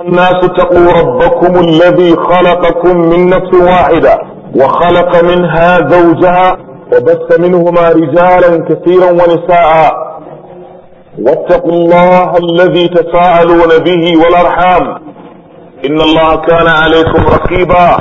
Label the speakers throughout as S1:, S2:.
S1: الناس اتقوا ربكم الذي خلقكم من نفس واحدة وخلق منها زوجها وبث منهما رجالا كثيرا ونساء واتقوا الله الذي تساءلون به والارحام ان الله كان عليكم رقيبا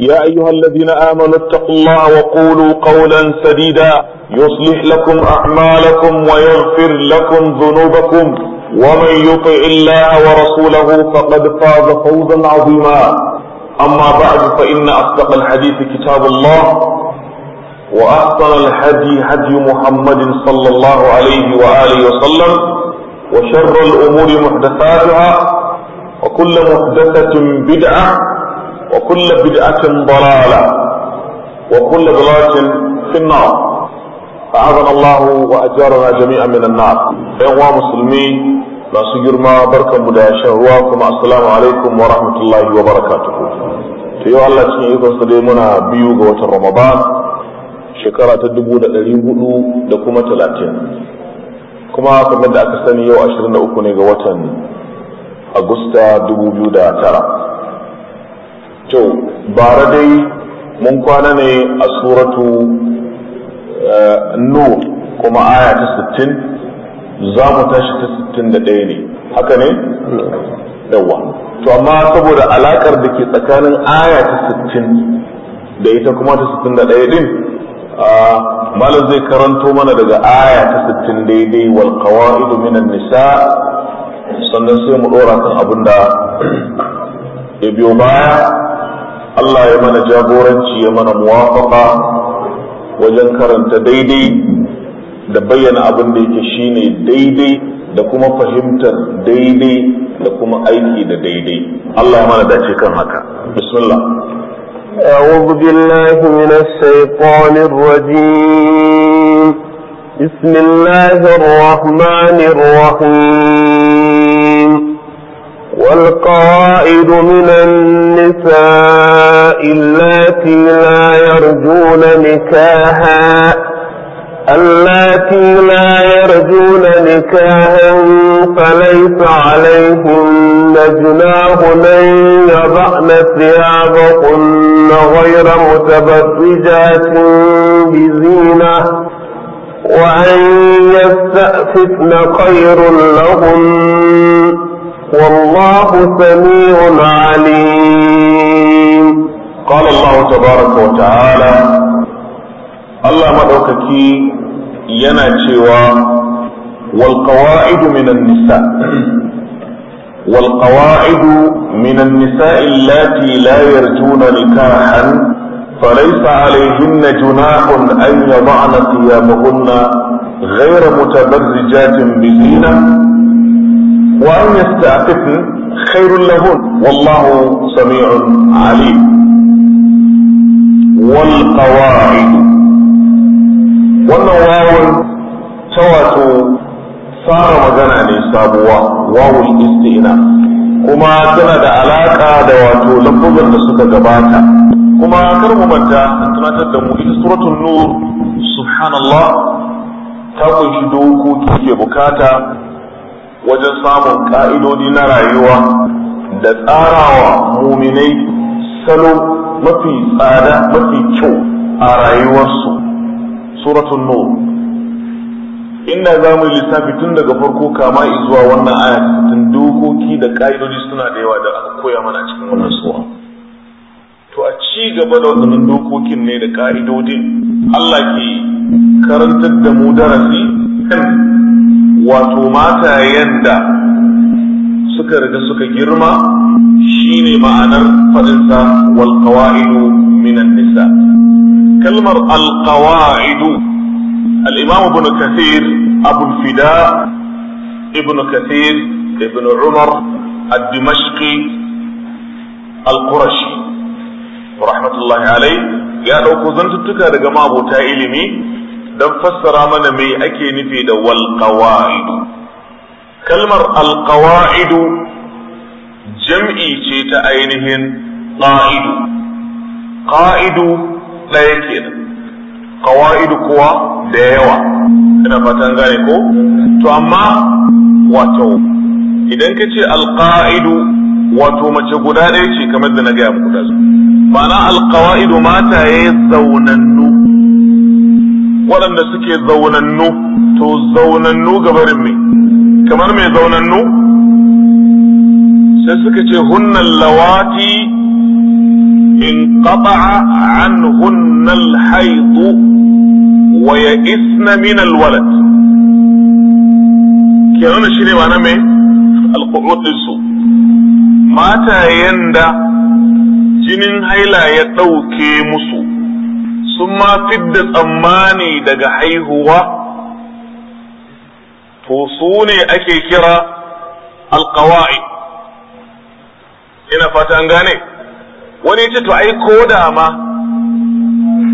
S1: يا ايها الذين امنوا اتقوا الله وقولوا قولا سديدا يصلح لكم اعمالكم ويغفر لكم ذنوبكم ومن يطع الله ورسوله فقد فاز فوزا عظيما أما بعد فإن أصدق الحديث كتاب الله وأحسن الهدي هدي محمد صلى الله عليه وآله وسلم وشر الأمور محدثاتها وكل محدثة بدعة وكل بدعة ضلالة وكل ضلالة في النار أعاذنا الله وأجارنا جميعا من النار أيها المسلمين masu girma barkan mu da shan ruwa kuma assalamu alaikum wa rahmatullahi wa barakatuhu to yau Allah cikin ikon sa dai muna biyu ga watan Ramadan shekara ta dubu da dari hudu da kuma talatin kuma kamar da aka sani yau ashirin da uku ne ga watan Agusta dubu biyu da tara to bara dai mun kwana ne a suratu eh, nur kuma aya ta sittin za mu tashi ta sittin da ɗaya ne haka ne yawa to amma saboda alakar da ke tsakanin aya ta sittin da ita kuma ta sittin da ɗaya din malam zai karanto mana daga aya ta sittin daidai wal qawaidu minan nisa sannan sai mu dora kan abin da ya biyo baya Allah ya mana jagoranci ya mana muwafaka wajen karanta daidai da bayyana abin da yake shine daidai da kuma fahimtar daidai da kuma aiki da daidai Allah ya mana dace kan haka bismillah
S2: أعوذ بالله من الشيطان الرجيم بسم الله الرحمن الرحيم والقائد من النساء اللاتي لا يرجون نكاحا اللاتي لا يرجون نكاها فليس عليهن جناه من يضعن ثيابهن غير متبرجات بزينة وأن يستأففن خير لهم والله سميع عليم قال الله تبارك وتعالى الله مدوككي yana cewa
S1: wal qawa'idu minan nisa wal qawa'idu minan nisa allati la yarjuna nikahan فليس عليهن جناح أن يضعن ثيابهن غير متبرجات بزينة وأن يستعففن خير لهن والله سميع عليم والقواعد wannan wawon ta wato fara magana ne sabuwa wawon isti'na kuma tana da alaka da wato lambobin da suka gabata kuma kar mu manta tunatar da mu ita suratul nur subhanallah ta kunshi dokoki ke bukata wajen samun ka'idodi na rayuwa da tsarawa muminai salo mafi tsada mafi kyau a rayuwarsu suratul nur inda za mu lissafi tun daga farko kama zuwa wannan aya tun dokoki da ƙa'idodi suna da yawa da aka koya mana cikin wannan suwa to a ci gaba da wannan dokokin ne da ƙa'idodin Allah ke karantar da mu darasi kan wato mata da suka riga suka girma shine ma'anar faɗinsa wal qawa'idu minan nisa' kalmar alqawaidu al-imam ibn kathir abu fida ibn kathir ibn umar ad-dimashqi al-qurashi rahmatullahi alayhi ya dauko zantuttuka daga mabota ilimi don fassara mana me ake nufi da wal kalmar al jam'i ce ta ainihin qa'idu ɗaya kenan qawaid kuwa da yawa ina fatan gane ko to amma wato idan ka ce alƙa'idu wato mace guda ɗaya ce kamar da na gaya muku ma'ana alƙawa'idu mata ya yi zaunannu waɗanda suke zaunannu to zaunannu gabarin me kamar mai zaunannu sai suka ce hunnan lawati انقطع عنهن الحيض ويئسن من الولد kenan shi ne ma'ana mai alƙu'udinsu Mata da jinin haila ya ɗauke musu sun ma fidda tsammani daga haihuwa to su ne ake kira alƙawa'i ina fata an gane wani ce to ai ko da ma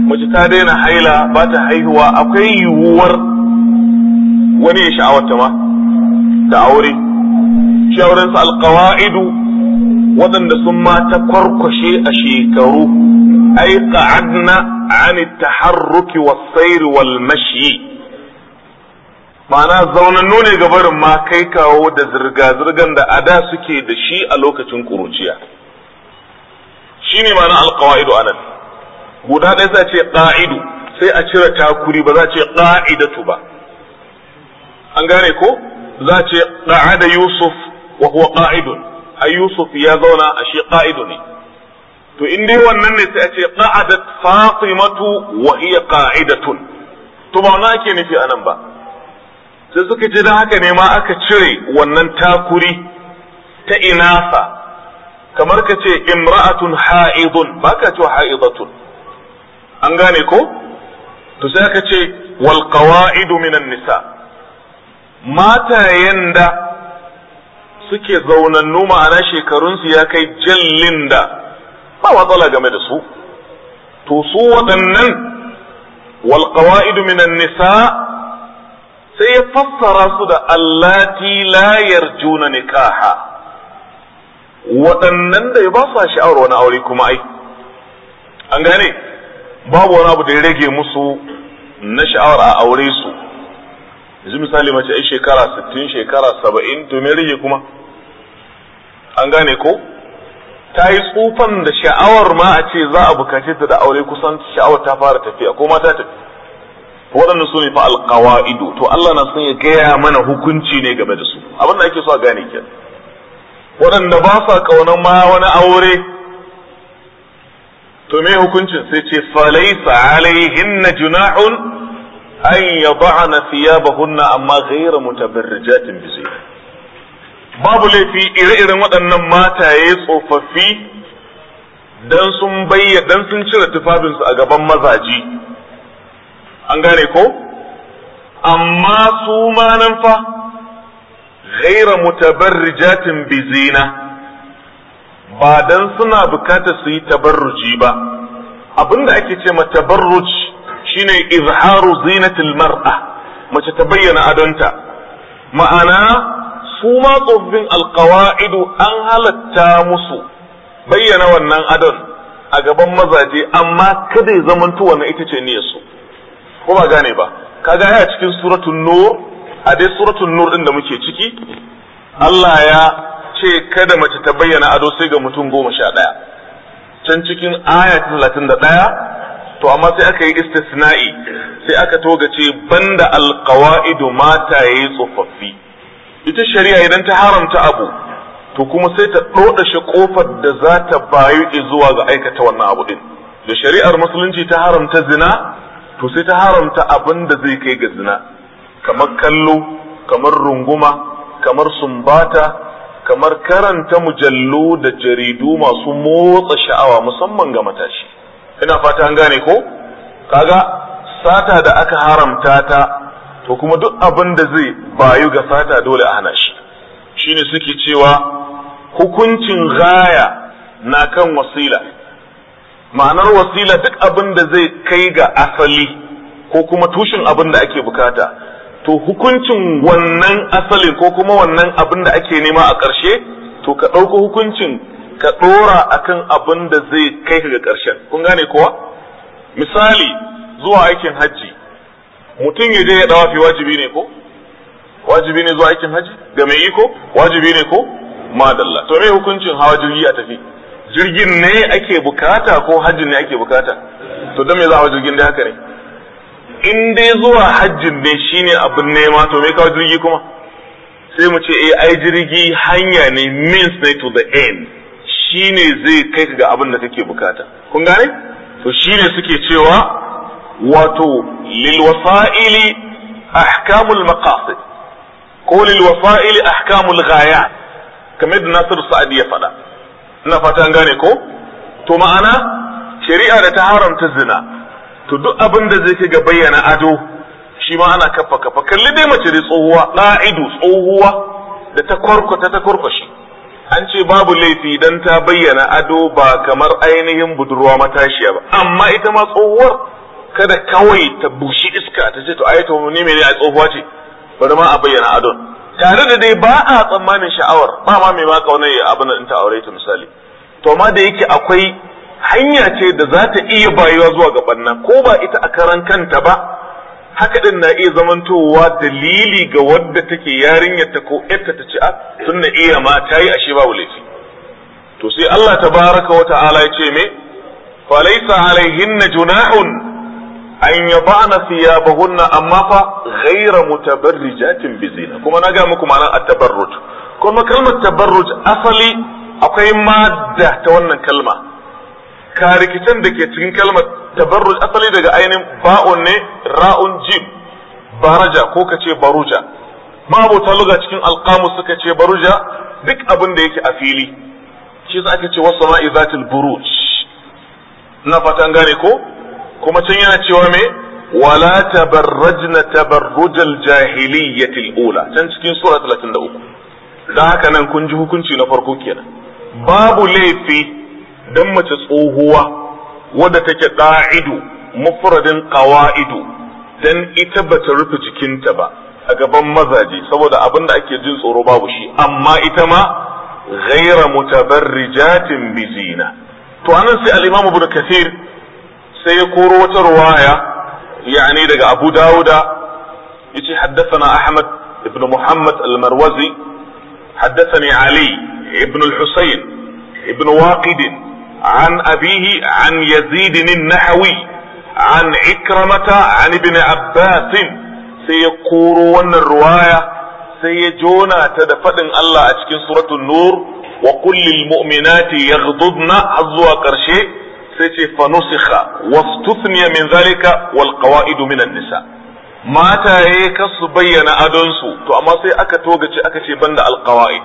S1: mace ta daina haila ba ta haihuwa akwai yiwuwar wani ya sha'awata ma da aure shi auren sa alqawaidu waɗanda sun mata kwarkwashe a shekaru ai qa'adna an at-taharruki was-sayr wal ma'ana zaunannu ne gabarin ma kai kawo da zirga-zirgan da ada suke da shi a lokacin ƙuruciya. shi ne ma'ana alqawaidu anan guda ɗaya za ce qa'idu sai a cire takuri ba za ce qa'idatu ba an gane ko za ce qa'ada yusuf wa huwa ai yusuf ya zauna a shi qa'idu ne to in dai wannan ne sai a ce qa'adat fatimatu wa hiya qa'idatun to ba na ake nufi anan ba sai suka ji da haka ne ma aka cire wannan takuri ta inafa kamar ka ce imra'atun ha'idun ba ka cewa ha'idatun an gane ko to sai ka ce wal qawa'idu minan nisa matayen da suke zaunannu ma'ana shekarunsu ya kai jallin da ba matsala game da su to su waɗannan wal qawa'idu minan nisa sai ya fassara su da allati la yarjuna nikaha waɗannan da ba sa sha'awar wani aure kuma ai an gane babu wani abu da ya rage musu na sha'awar a aure su yanzu misali mace ai shekara 60 shekara 70 to me rage kuma an gane ko ta yi tsufan da sha'awar ma a ce za a bukace ta da aure kusan sha'awar ta fara tafiya ko ma ta tafi waɗanda su ne fa alƙawa'idu to Allah na son ya gaya mana hukunci ne game da su abin da ake so a gane kenan waɗanda ba sa ƙaunar ma wani aure to me hukuncin sai ce falaisa alaihinna junahun an ba thiyabahunna amma ghayra mutabarrijatin bi babu laifi ire-iren waɗannan mataye tsofaffi dan sun bayya dan sun cire tufafinsu a gaban mazaji an gane ko amma su ma nan fa ghaira mutabarrijatin bizina ba dan suna bukata su yi tabarruji ba abinda ake ce ma tabarruj shine izharu zinati mar'a mace ta bayyana adonta ma'ana su ma tsoffin alqawaidu an halatta musu bayyana wannan adon a gaban mazaje amma kada ya zamanto wannan ita ce niyyar su ko ba gane ba kaga a cikin suratul nur a dai suratun nur din da muke ciki Allah ya ce kada mace ta bayyana ado sai ga mutum goma sha ɗaya can cikin aya talatin da ɗaya to amma sai aka yi istisna'i sai aka togace banda alqawaidu mata yi tsofaffi ita shari'a idan ta haramta abu to kuma sai ta ɗoɗa shi kofar da za ta bayu zuwa ga aikata wannan abu din da shari'ar musulunci ta haramta zina to sai ta haramta abin da zai kai ga zina kamar kallo kamar runguma kamar sumbata kamar karanta mujallu da jaridu masu motsa sha'awa musamman ga matashi ina fata an gane ko kaga sata da aka haramta ta to kuma duk abin da zai bayu ga sata dole a hana shi shine suke cewa hukuncin gaya na kan wasila ma'anar wasila duk abin da zai kai ga asali ko kuma tushen abin da ake bukata to hukuncin wannan asalin ko kuma wannan abin da ake nema a ƙarshe to ka ɗauko hukuncin ka ɗora akan abin da zai kai ka ga ƙarshen kun gane kuwa misali zuwa aikin hajji mutum ya je ya fi wajibi ne ko wajibi ne zuwa aikin hajji ga mai iko wajibi ne ko madalla to me hukuncin hawa jirgi a tafi jirgin ne ake bukata ko hajji ne ake bukata to dan me za a hawa jirgin da haka ne in dai zuwa hajjin ne shine abin nema to me kawo jirgi kuma sai mu ce eh ai jirgi hanya ne means ne to the end shine zai kai ka ga abin da kake bukata kun gane to shine suke cewa wato lil wasa'ili ahkamul maqasid ko lil wasa'ili ahkamul ghayat kamar da Nasiru Sa'di ya faɗa ina fata an gane ko to ma'ana shari'a da ta haramta zina to duk abin da zai kai ga bayyana ado shi ma ana kafa kafa kalli dai mace dai tsohuwa la'idu tsohuwa da ta kwarkwata ta kwarkwashi an ce babu laifi dan ta bayyana ado ba kamar ainihin budurwa matashiya ba amma ita ma tsohuwar kada kawai ta bushi iska ta ce to ai to ni me ne a tsohuwa ce bari ma a bayyana adon tare da dai ba a tsammanin sha'awar ba ma mai ma kaunar ya abin ta aure ta misali to ma da yake akwai hanya ce da za ta iya bayuwa zuwa ga ɓanna ko ba ita a karan kanta ba haka din na iya zamantowa dalili ga wadda take yarinyar ta ko yarta ta ci a tun na iya ma ta yi ashe babu laifi to sai Allah baraka wa ta'ala ya ce me falaisa alaihinna junahun an yabana thiyabahunna amma fa ghayra mutabarrijatin bizina kuma na ga muku ma'anar at-tabarruj kuma kalmar tabarruj asali akwai madda ta wannan kalma karikicin da ke cikin kalmar tabarruj asali daga ainihin ba'un ne ra'un jim baraja ko ka ce baruja babu luga cikin alƙamu suka ce baruja duk abin da yake a fili shi za aka ce wasu ma'i zatil buruj na fatan gane ko kuma can yana cewa me wala tabarrajna tabarrujal jahiliyyatil ula can cikin sura 33 da haka nan kun ji hukunci na farko kenan babu laifi don mace tsohuwa wadda take ƙa'idu mufradin ƙawa'idu dan ita bata rufe jikinta ba a gaban mazaje saboda abin da ake jin tsoro babu shi amma ita ma ghaira mutabarrijatin bizina to anan sai al-imam ibn kathir sai ya koro wata ruwaya yani daga abu dauda yace haddathana ahmad ibn muhammad al-marwazi ali ibn al-husayn ibn عن أبيه عن يزيد النحوي عن عكرمة عن ابن عباس سيقول ون الرواية سيجونا تدفد الله أشكين سورة النور وقل للمؤمنات يغضضن عزوا قرشي سيتي فنسخ واستثني من ذلك والقوائد من النساء mata ya kasu ادونسو تو اما سي sai aka togace القوائد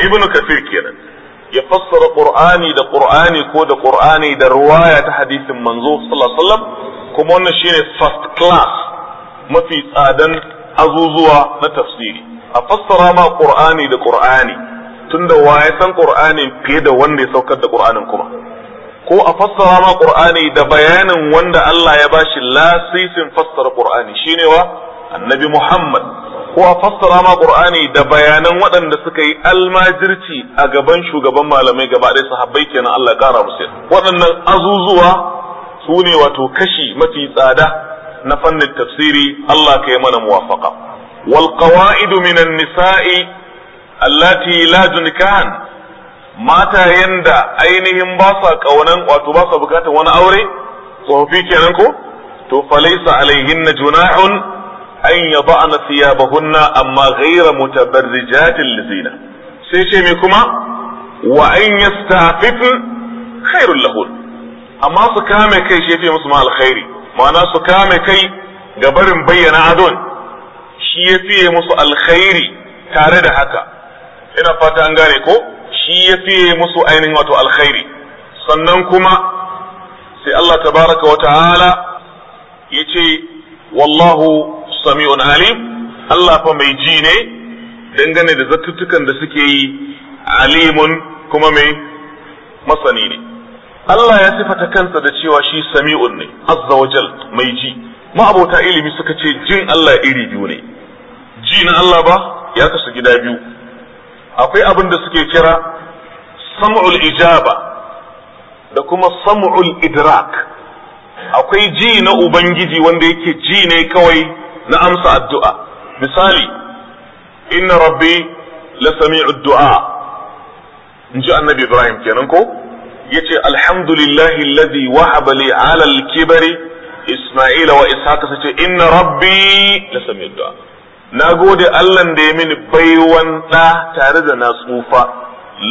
S1: ابن كثير alqawaid ya fassara qur'ani da qur'ani ko da qur'ani da ruwaya ta hadisin manzo sallallahu alaihi kuma wannan shine first class mafi tsadan azuzuwa na tafsiri a fassara ma qur'ani da qur'ani tunda waye san qur'ani fiye da wanda ya saukar da qur'anin kuma ko a fassara ma qur'ani da bayanin wanda Allah ya bashi lasisin fassara qur'ani shine wa annabi Muhammad ko a fassara ma qur'ani da bayanan waɗanda suka yi almajirci a gaban shugaban malamai gaba ɗaya sahabbai kenan Allah ƙara musu waɗannan azuzuwa su ne wato kashi mafi tsada na fannin tafsiri Allah ka yi mana muwafaqa wal qawaidu minan nisa'i allati la junkahan matayen da ainihin ba sa kaunan wato ba sa bukatar wani aure tsofaffi kenan ko to falaysa alaihinna junahun an siya thiyabahunna amma ghayra mutabarrijatin lizina sai ce me kuma wa an yastafifn khairul lahun amma su kame kai shi yafi musu ma alkhairi ma'ana su kame kai ga barin bayyana adon shi fiye musu alkhairi tare da haka ina fata an gane ko shi fiye musu ainihin wato alkhairi sannan kuma sai Allah tabaraka wa ta'ala yace wallahu sami'un alim Allah fa mai ji ne dangane da zattutukan da suke yi alimun kuma mai masani ne Allah ya sifata kansa da cewa shi sami'un ne azza wajal mai ji ma'abota ilimi suka ce jin Allah iri biyu ne ji na Allah ba ya kasu gida biyu akwai abin da suke kira sam'ul ijaba da kuma sam'ul idrak akwai ji na ubangiji wanda yake ji ne kawai na amsa addu'a misali inna rabbi la sami'u addu'a. in ji annabi ibrahim kenan ko yace alhamdulillahi lazi wahaba li ala al isma'ila wa ishaqa sace inna rabbi la sami'u addu'a. na gode Allah da ya mini baiwan ɗa tare da na tsufa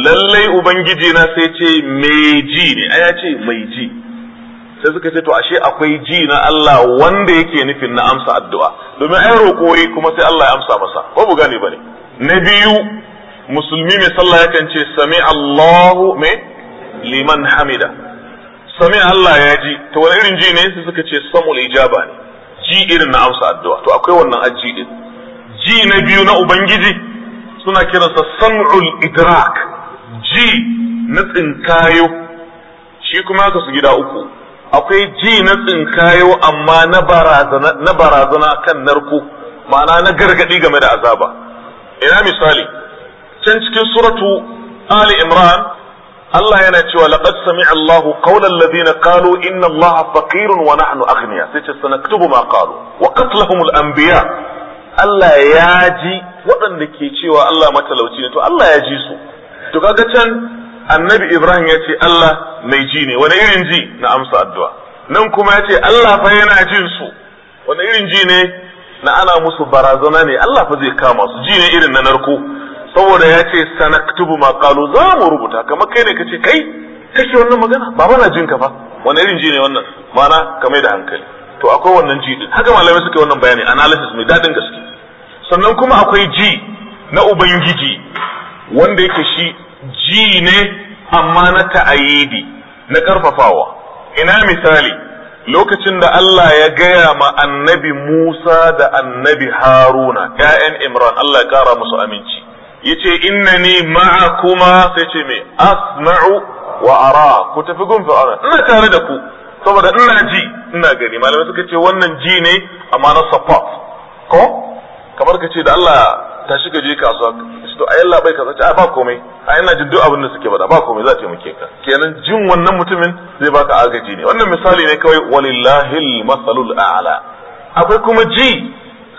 S1: lallai ubangiji na sai ce mai ji ne a ya ce mai ji sai suka ce to ashe akwai ji na Allah wanda yake nufin na amsa addu'a domin ai koyi kuma sai Allah ya amsa masa ko bu gane bane na biyu musulmi mai sallah yakan ce sami Allahu me liman hamida sami Allah ya ji to wani irin ji ne sai suka ce samul ijaba ne ji irin na amsa addu'a to akwai wannan aji din ji na biyu na ubangiji suna kiransa sam'ul idrak ji na tsinkayo shi kuma haka su gida uku akwai ji na tsinkayo amma na barazana kan narko ma'ana na gargadi game da azaba ina misali can cikin suratu ali imran Allah yana cewa laqad sami'a Allah qawla alladhina qalu inna Allah faqirun wa nahnu aghniya sai ce sanaktubu ma qalu wa qatlahum al-anbiya Allah ya ji waɗanda ke cewa Allah matalauci ne to Allah ya ji su to kaga can annabi Ibrahim ya ce Allah mai ji ne wani irin ji na amsa addu'a nan kuma ya ce Allah fa yana jin su wani irin ji ne na ana musu barazana ne Allah fa zai kama su ji ne irin na narko saboda ya ce sanaktubu ma qalu za mu rubuta kamar kai ne kace kai kake wannan magana baba na jinka fa wani irin ji ne wannan mana ka mai da hankali to akwai wannan ji din haka malamai suke wannan bayani analysis mai dadin gaske sannan kuma akwai ji na ubangiji wanda yake shi ji ne amma na ta'ayidi na karfafawa ina misali lokacin da Allah ya gaya ma annabi Musa da annabi Haruna ƴaƴan Imran Allah ya kara musu aminci yace innani ma'akuma sai ce me asma'u wa ara ku tafi gun fir'auna ina tare da ku saboda ina ji ina gani malamai suka ce wannan ji ne amma na support ko kamar ka ce da Allah tashi ka je kasuwa to ai Allah bai a ba komai a ina jin duk abin da suke faɗa ba komai za ta taimake ka kenan jin wannan mutumin zai baka agaji ne wannan misali ne kawai walillahil masalul a'la akwai kuma ji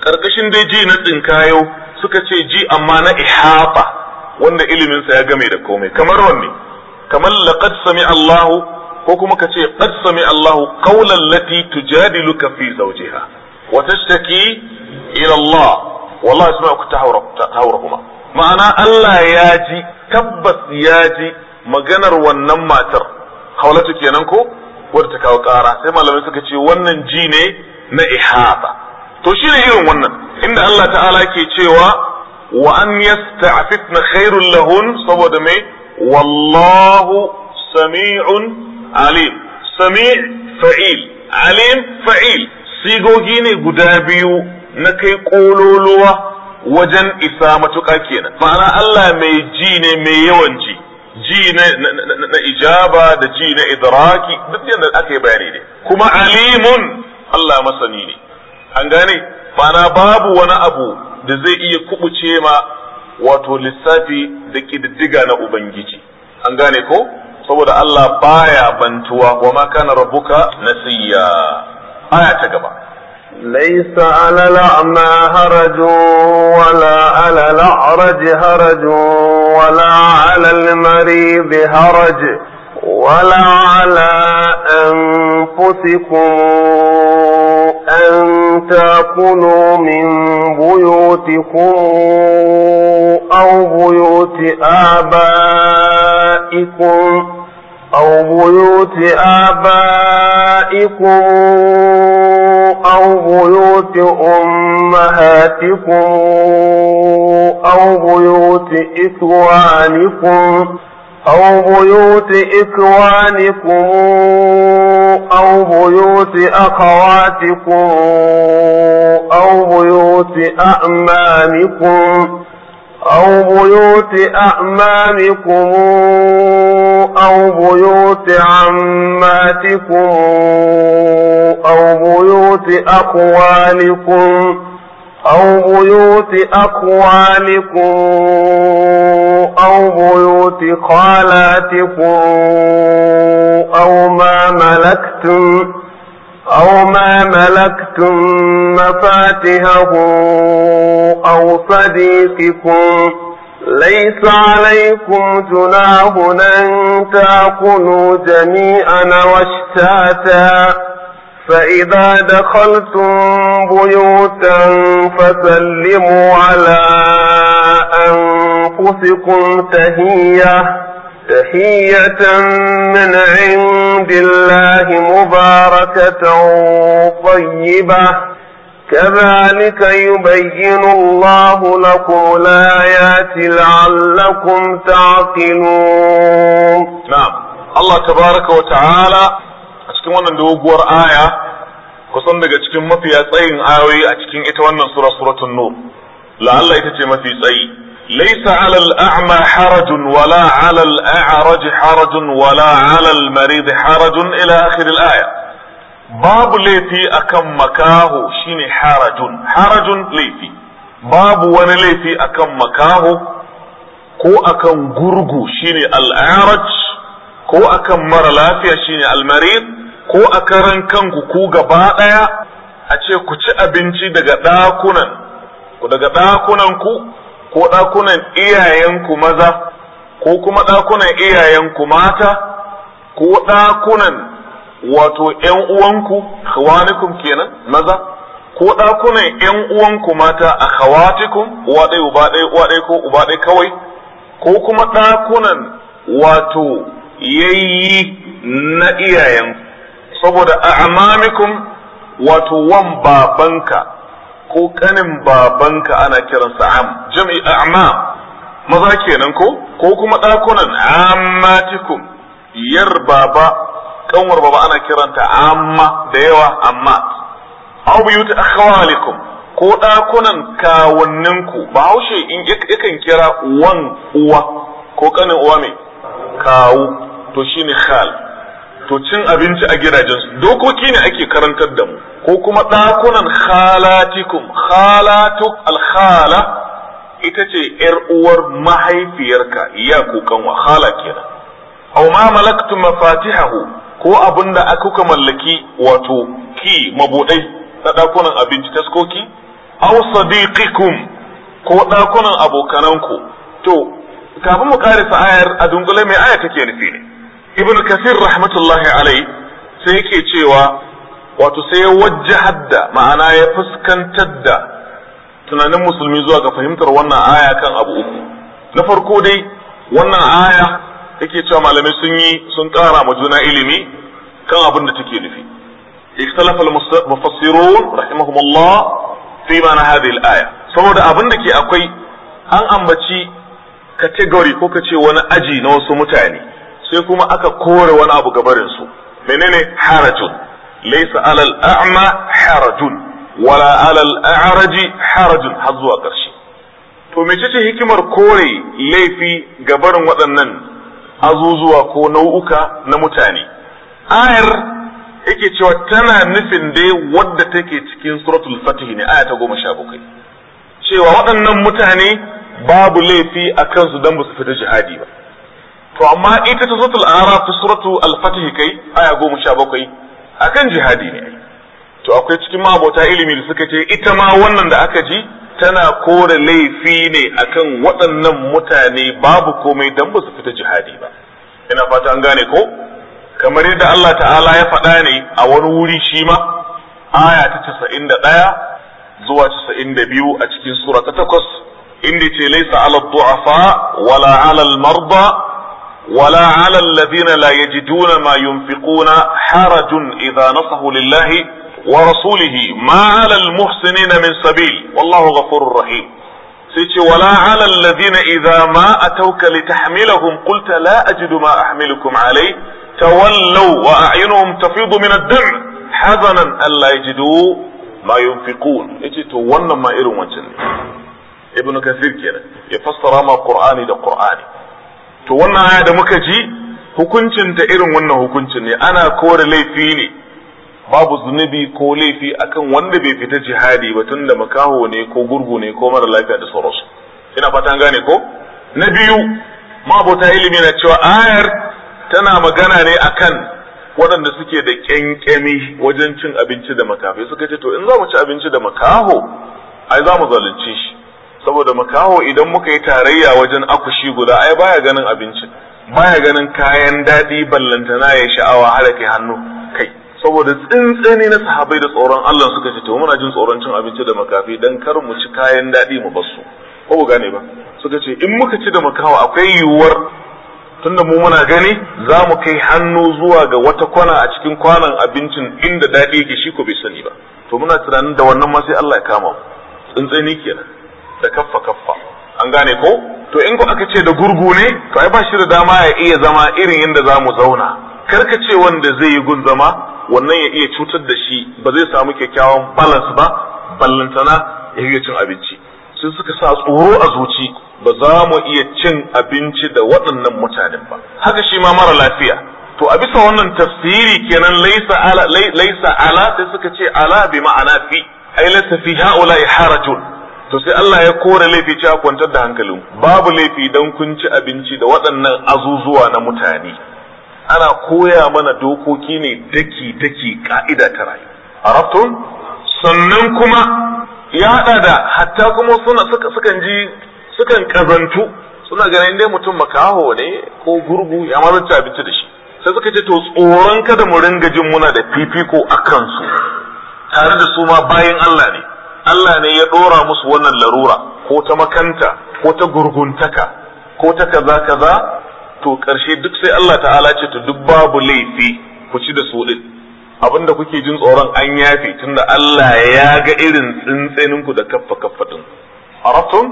S1: karkashin dai ji na tsinkayo suka ce ji amma na ihafa. wanda ilimin sa ya game da komai kamar wanne kamar laqad sami Allahu ko kuma ka ce qad sami Allahu qawlan lati tujadiluka fi zawjiha wa tashtaki ila Allah والله اسمعك تهورهما
S2: ma'ana Allah
S1: ya ji tabbas ya ji maganar wannan matar haulatu kenan ko wadda ta kawo sai malamai suka ce wannan ji ne na ihaba to shine irin wannan inda Allah ta'ala ke cewa wa an yasta'fifna khairul lahun saboda me wallahu sami'un alim sami' fa'il alim fa'il sigogi ne guda biyu na kai kololuwa wajen isa matuƙa kenan ma'ana Allah mai ji ne mai yawan ji ji na ijaba da ji na idraki duk yadda aka yi bayani ne kuma alimun Allah masani ne an gane ma'ana babu wani abu da zai iya kubuce ma wato lissafi da ƙididdiga na ubangiji an gane ko saboda Allah baya bantuwa wa ma kana rabbuka nasiya
S2: aya ta gaba ليس على الأعمى هرج ولا على الأعرج هرج ولا على المريض هرج ولا على أنفسكم أن تأكلوا من بيوتكم أو بيوت آبائكم ọwụgboro ote ekụwa kpụrụanwụgboro ote akọwa tikpụrụawụgboro ote a mmaakpụrụ أو بيوت أعمامكم أو بيوت عماتكم أو بيوت أخوالكم أو بيوت أخوالكم أو بيوت خالاتكم أو ما ملكتم أو ما ملكتم مفاتهه أو صديقكم ليس عليكم جناه أن تأكلوا جميعا واشتاتا فإذا دخلتم بيوتا فسلموا على أنفسكم تهية تهية من عند عند الله مباركة طيبة كذلك يبين الله لكم الآيات لعلكم تعقلون نعم الله تبارك وتعالى أشكم أن دوغور آية
S1: kusan daga cikin mafiya tsayin ayoyi a cikin ita wannan sura suratul nur la'alla ita ce ليس على الأعمى حرج ولا على الأعرج حرج ولا على المريض حرج إلى آخر الآية باب ليتي أكم مكاه شيني حرج حرج ليتي باب ون ليتي أكم مكاه كو أكم قرقو شيني الأعرج كو أكم مرلافيا شيني المريض كو أكرن كنكو كو قبائيا أشيكو تأبنتي دقا داكونا ودقا داكونا كو ko ɗakunan iyayenku maza ko kuma ɗakunan iyayenku mata ko ɗakunan wato ƴan uwanku khawanikum kenan maza ko ɗakunan ƴan uwanku mata a khawatikum uwa uba uwa ko uba kawai ko kuma ɗakunan wato yayyi na iyayenku saboda a amamikum wato wan babanka ko kanin babanka ana kiransa am jami a'ma maza kenan ko ko kuma ɗakunan ammatikum yar baba kanwar baba ana kiranta amma da yawa amma aw biyuti akhwalikum ko dakunan kawanninku bahaushe in yakan kira wan uwa ko kanin uwa mai kawu to shine khal to cin abinci a gidajensu dokoki ne ake karantar da mu ko kuma ɗakunan khalatikum khalatuk alkhala ita ce ‘yar uwar mahaifiyarka ya kukanwa khala kenan aw ma malaktu mafatihahu ko abinda aka kuka mallaki wato ki mabudai na ɗakunan abinci taskoki aw sadiqikum ko ɗakunan abokananku to kafin mu karisa ayar a dungule mai aya take nufi ne ibn kasir rahmatullahi alai sai yake cewa wato sai ya wajjahar da ma'ana ya fuskantar da tunanin musulmi zuwa ga fahimtar wannan aya kan abu uku na farko dai wannan aya yake cewa malamai sun yi sun ƙara ma juna ilimi kan abin da take nufi اختلف المفسرون رحمهم الله في معنى هذه الآية saboda abin da ke akwai an ambaci kategori ko kace wani aji na wasu mutane sai kuma aka kore wani abu gabarin su menene harajun laysa alal a'ma harajun wala alal a'raji harajun har zuwa ƙarshe to mecece hikimar kore laifi gabarin waɗannan azuzuwa ko nau'uka na mutane ayar yake cewa tana nufin dai wadda take cikin suratul fatih ne aya ta goma sha bakwai cewa waɗannan mutane babu laifi a kansu dan ba su fita jihadi ba to amma ita ta suratul araf ta suratu al-fatih kai aya goma sha bakwai akan jihadi ne to akwai cikin mabota ilimi da suka ce ita ma wannan da aka ji tana kore laifi ne akan waɗannan mutane babu komai dan ba su fita jihadi ba ina fata an gane ko kamar yadda Allah ta'ala ya faɗa ne a wani wuri shi ma aya ta casa'in da ɗaya zuwa casa'in da biyu a cikin sura ta takwas inda ce laisa ala du'afa wala ala al ولا على الذين لا يجدون ما ينفقون حرج إذا نصحوا لله ورسوله ما على المحسنين من سبيل والله غفور رحيم سيتي ولا على الذين إذا ما أتوك لتحملهم قلت لا أجد ما أحملكم عليه تولوا وأعينهم تفيض من الدمع حزنا ألا يجدوا ما ينفقون يجي تونا ما ابن كثير كده يفسر ما قرآني ده قرآني to wannan aya da muka ji hukuncin ta irin wannan hukuncin ne ana kore laifi ne babu zunubi ko laifi akan wanda bai fita jihadi ba tunda makaho ne ko gurgu ne ko mara lafiya da sauransu ina fatan gane ko na biyu mabuta ilimi na cewa ayar tana magana ne akan waɗanda suke da kyankyami wajen cin abinci da makafi suka ce to in za mu ci abinci da makaho ai za mu zalunci shi saboda makaho idan muka yi tarayya wajen akushi guda ai baya ganin abinci baya ganin kayan daɗi ballantana ya sha'awa har kai hannu kai saboda tsintsini na sahabai da tsoron Allah suka ce to muna jin tsoron cin abinci da makafi dan kar mu ci kayan daɗi mu basu ko ku gane ba suka ce in muka ci da makaho akwai yiwuwar tunda mu muna gani za mu kai hannu zuwa ga wata kwana a cikin kwanan abincin inda daɗi yake shi ko bai sani ba to muna tunanin da wannan ma sai Allah ya kama mu tsintsini kenan da kaffa kaffa an gane ko to in ko aka ce da gurgu ne to ai ba shi da dama ya iya zama irin yadda za mu zauna karka ce wanda zai yi gun zama wannan ya iya cutar da shi ba zai samu kyakkyawan balance ba ballantana ya iya cin abinci su suka sa tsoro a zuci ba za mu iya cin abinci da waɗannan mutanen ba haka shi ma mara lafiya to a bisa wannan tafsiri kenan laisa ala laisa ala sai suka ce ala bi ma'ana fi ai lasa fi haula harajun to sai Allah ya kore laifi cewa kwantar da hankalin babu laifi don kun ci abinci da waɗannan azuzuwa na mutane ana koya mana dokoki ne daki daki ka'ida ta rayu raftun sannan kuma ya haɗa da hatta kuma suna sukan ji sukan kazantu suna ganin dai mutum makaho ne ko gurgu ya ma ci abinci da shi sai suka ce to tsoron kada mu ringa jin muna da fifiko a kansu tare da su ma bayan Allah ne Allah ne ya dora musu wannan larura ko ta makanta ko ta gurguntaka ko ta kaza kaza to karshe duk sai Allah ta'ala ce to duk babu laifi ku ci da su din abinda kuke jin tsoron an yafe tunda Allah ya ga irin tsintsenin da kaffa kaffa din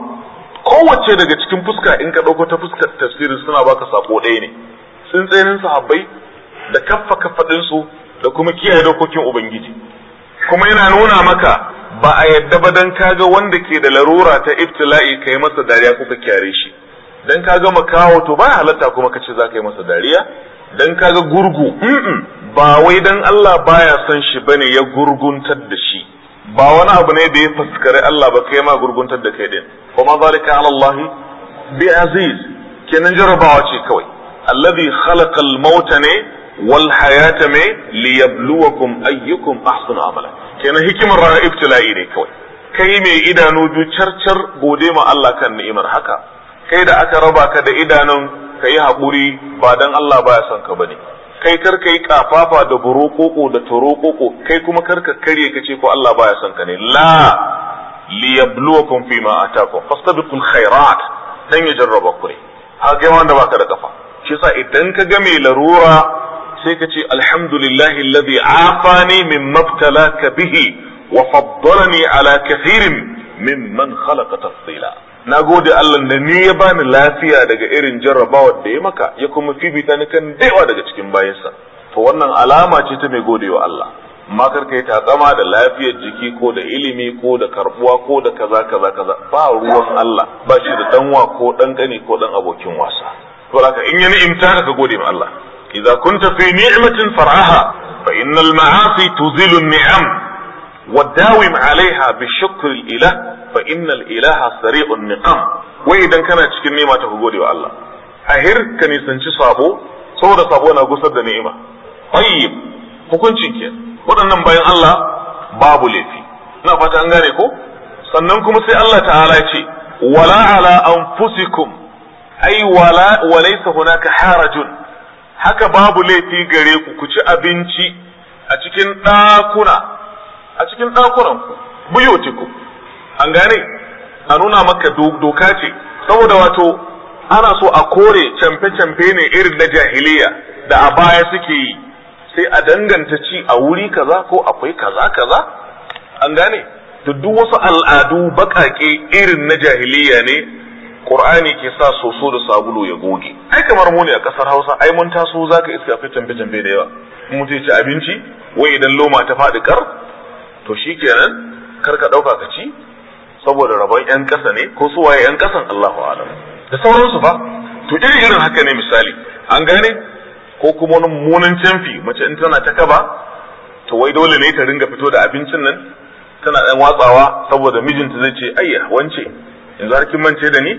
S1: kowace daga cikin fuska in ka dauko ta fuskar tafsiri suna baka sako ɗaya ne tsintsenin sahabbai da kaffa kaffa din su da kuma kiyaye dokokin ubangiji kuma yana nuna maka ba a yadda ba dan kaga wanda ke da larura ta ibtila'i kai masa dariya kuka kyare shi dan kaga makawo to ba halatta kuma ka kace za ka yi masa dariya dan kaga gurgu ba wai dan Allah baya son shi bane ya gurguntar da shi ba wani abu ne da ya fuskare Allah ba kai ma gurguntar da kai din kuma zalika ala Allah bi aziz kenan jarabawa ce kawai alladhi khalaqal al-mauta ne wal hayata me liyabluwakum ayyukum ahsanu amala kenan hikimar ranar ibtila'i ne kawai kai mai idanu biyu carcar gode ma Allah kan ni'imar haka kai da aka raba ka da idanun ka yi haƙuri ba dan Allah ba ya son ka bane kai kar ka yi kafafa da burokoko da torokoko kai kuma kar ka karye ka ce ko Allah baya son ka ne la yabluwakum fi ma atakum fastabiqul khairat dan ya jarraba ku ne ha ga wanda baka da kafa shi yasa idan ka ga mai larura sai ka ce alhamdulillahi alladhi afani min mabtalaka bihi wa faddalani ala kathirin mimman khalaqa tafsila na gode Allah da ni ya bani lafiya daga irin jarrabawar da ya maka ya kuma fifita ni kan daiwa daga cikin bayansa to wannan alama ce ta mai godewa Allah ma karka yi tatsama da lafiyar jiki ko da ilimi ko da karbuwa ko da kaza kaza kaza ba ruwan Allah ba shi da danwa ko dan gani ko dan abokin wasa to haka in ya ni'imta ka gode ma Allah إذا كنت في نعمة فرعها فإن المعاصي تزيل النعم وداوم عليها بالشكر الإله فإن الإله سريع النقام وإذا كانت تشكي نعمة تقول يا الله أهر كان يسنشي صابو صورة صابو أنا قصد نعمة طيب hukuncin cinke waɗannan bayan Allah babu laifi na fata an gane ko sannan kuma sai Allah ta'ala ya ce wala ala anfusikum ai wala haka babu laifi gare ku ku ci abinci a cikin ɗakuna a cikin ɗakunan ku buyutiku an gane a nuna maka doka ce saboda wato ana so a kore camfe-camfe ne irin na jahiliya da a baya suke yi sai a danganta ci a wuri kaza ko akwai kaza kaza an gane duk wasu al'adu baƙaƙe irin na jahiliya ne Qur'ani ke sa soso da sabulu ya goge ai kamar mu ne a kasar Hausa ai mun taso zaka iska fitan tambe tambe da yawa mu je ci abinci wai idan loma ta faɗi kar to kenan kar ka dauka ka ci saboda rabon yan ƙasa ne ko su waye yan ƙasan Allahu alam da sauransu ba. to irin irin haka ne misali an gane ko kuma wani munin canfi mace in tana ta kaba to wai dole ne ta ringa fito da abincin nan tana dan watsawa saboda mijinta zai ce ayya wance yanzu har kin mance da ni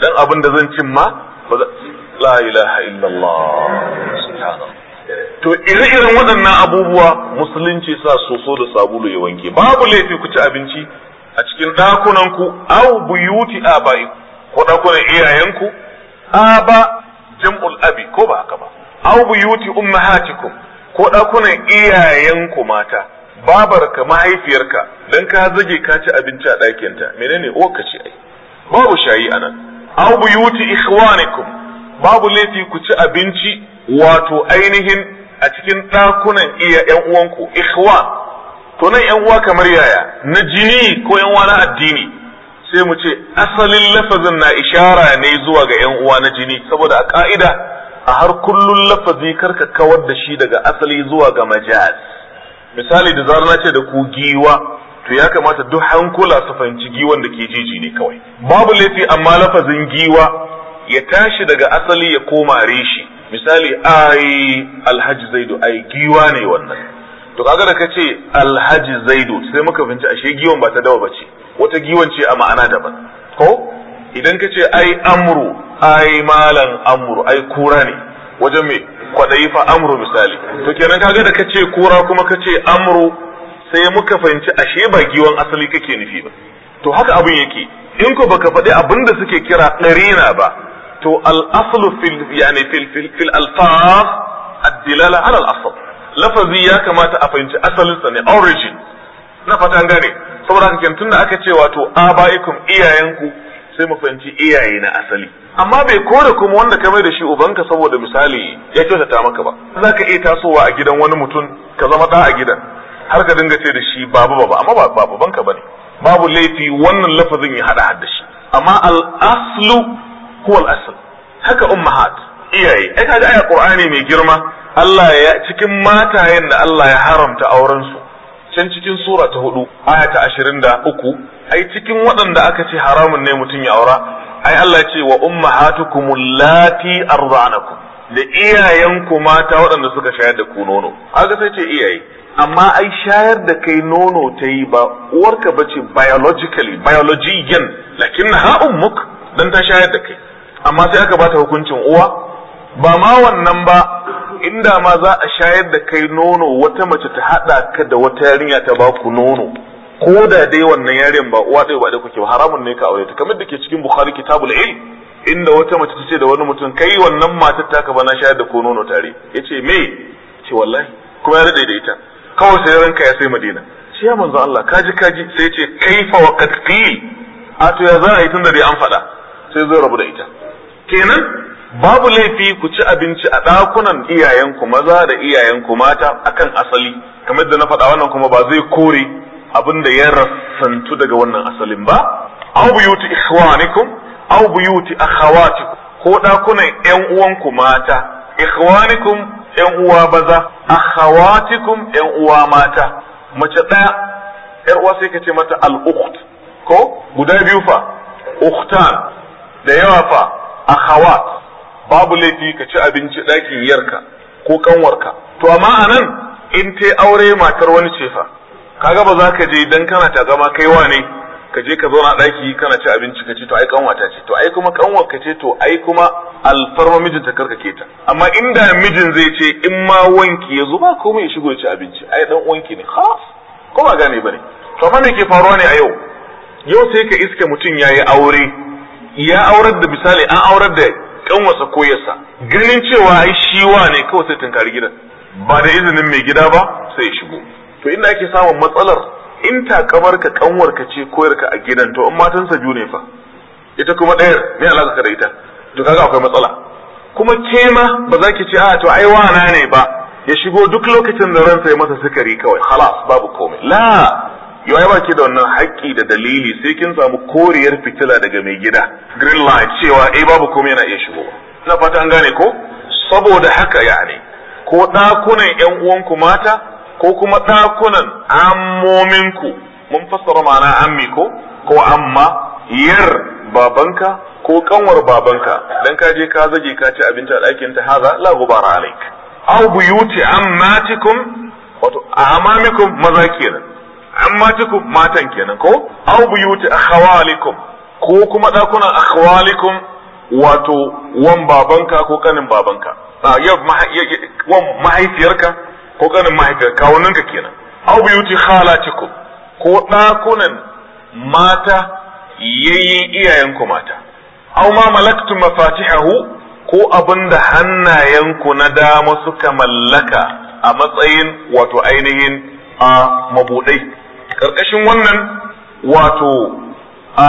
S1: dan abin da zan cin ma la ilaha illallah to iri irin waɗannan abubuwa musulunci sa soso da sabulu ya wanke babu laifi ku ci abinci a cikin ɗakunan ku aw buyuti abai ko ɗakunan iyayenku aba jam'ul abi ko ba haka ba aw buyuti ummahatikum ko ɗakunan iyayenku mata babarka mahaifiyarka dan ka zage ka ci abinci a ɗakinta menene uwarka ce ai babu shayi anan yi buyuti ikhwanikum babu laifi ku ci abinci wato ainihin a cikin ɗakunan iya ƴan uwanku ikhwa. to nan ƴan uwa kamar yaya na jini ko ƴan uwa na addini sai mu ce asalin lafazin na ishara ne zuwa ga ƴan uwa na jini saboda a ka'ida a har kullun lafazi ka kawar da shi daga asali zuwa ga majaz misali da zarar na ce da ku giwa to ya kamata duk hankula su fahimci giwan da ke jeji ne kawai babu laifi amma lafazin giwa ya tashi daga asali ya koma reshi misali ai alhaji zaidu ai giwa ne wannan to kaga da kace alhaji zaidu sai muka fahimci ashe giwan ba ta dawa bace wata giwan ce a ma'ana daban ko idan kace ai amru ai malan amru ai kura ne wajen me kwadayi fa amru misali to kenan kaga da kace kura kuma kace amru sai muka fahimci ashe ba giwon asali kake nufi ba to haka abin yake in ko baka faɗi abin da suke kira ɗarina ba to al-aslu fil yani fil fil fil alfaz ad-dilala ala al-asl lafazi ya kamata a fahimci asalin sa ne origin na fata an gane saboda haka tunda aka ce wato abaikum iyayenku sai mu fahimci iyaye na asali amma bai kore kuma wanda ka mai da shi ubanka saboda misali ya kyautata maka ba zaka iya tasowa a gidan wani mutum ka zama da a gidan har ka dinga ce da shi babu baba amma ba babu banka bane babu laifi wannan lafazin ya hada hadda shi amma al aslu huwa al asl haka ummahat iyaye ai kaga aya qur'ani mai girma Allah ya cikin matayen da Allah ya haramta auren su can cikin sura ta hudu aya ta ashirin da uku ai cikin waɗanda aka ce haramun ne mutum ya aura ai Allah ya ce wa ummahatukum allati arzanakum da iyayenku mata waɗanda suka shayar da ku nono aka sai ce iyaye amma ai shayar da kai nono ta yi ba uwarka ba ce biologically biologiyan lakin ha ummuk dan ta shayar da kai amma sai aka bata hukuncin uwa ba ma wannan ba inda ma za a shayar da kai nono wata mace ta hada ka da wata yarinya ta baku nono ko da dai wannan yarin ba uwa dai ba da kuke haramun ne ka aure ta kamar da ke cikin bukhari kitabul ilm inda wata mace ta ce da wani mutum kai wannan matar taka ba na shayar da ko nono tare yace me ce wallahi kuma ya da ita kawai sai ranka ya sai madina shi ya manzo Allah kaji kaji sai ce kaifa wa qad qil a to ya za yi tunda bai an fada sai zo rabu da ita kenan babu laifi ku ci abinci a ɗakunan iyayenku maza da iyayenku mata akan asali kamar da na faɗa wannan kuma ba zai kore abin da ya rasantu daga wannan asalin ba aw buyuti ikhwanikum aw buyuti akhawatikum ko dakunan 'yan uwanku mata ikhwanikum yan uwa baza akhawatikum yan uwa mata mace daya yar uwa sai kace mata al ko guda biyu fa ukhtan da yawa fa akhawat babu laifi ka ci abinci ɗakin yarka ko kanwarka to amma anan in tai aure matar wani ce fa kaga ba za ka je dan kana ta zama kai wane ka je ka zauna ɗaki kana ci abinci ka ce to ai ta ce to ai kuma kanwa ka ce to ai kuma alfarma mijinta karkake ta amma inda mijin zai ce in ma wanki ya zo ba komai ya shigo ya ci abinci ai dan wanki ne ha ko ba gane bane to amma me ke faruwa ne a yau yau sai ka iske mutum yayi aure ya aurar da misali an aurar da kanwarsa ko yasa ganin cewa ai shiwa ne kawai sai tunkari gidan ba da izinin mai gida ba sai ya shigo to inda ake samun matsalar in ta kanwar kanwarka ce koyarka a gidan to in matansa sa ne fa ita kuma ɗayar me alaka da ita to kaga akwai matsala kuma ke ma ba za ki ce a to ai wana ne ba ya shigo duk lokacin da ransa ya masa sukari kawai khalas babu komai la yau ai baki da wannan haƙƙi da dalili sai kin samu koriyar fitila daga mai gida green light cewa eh babu komai yana iya shigo na fata an gane ko saboda haka yani ko ɗakunan 'yan uwanku mata ko kuma ɗakunan ammominku mun fassara ma'ana ammi ko ko amma yar babanka ko kanwar babanka dan ka je ka zage ka ci abinci a ɗakin ta haza la gubara alaik aw buyuti ammatikum wato amamikum maza kenan ammatikum matan kenan ko aw buyuti akhawalikum ko kuma ɗakunan akhawalikum wato wan babanka ko kanin babanka ah, Yau mahaifiyarka ko kanin mahaifiyar ka kenan aw biyuti khalatikum ko dakunan mata yayin iyayenku mata aw ma malaktum mafatihahu ko abinda hannayenku na dama suka mallaka a matsayin wato ainihin a mabudai karkashin wannan wato a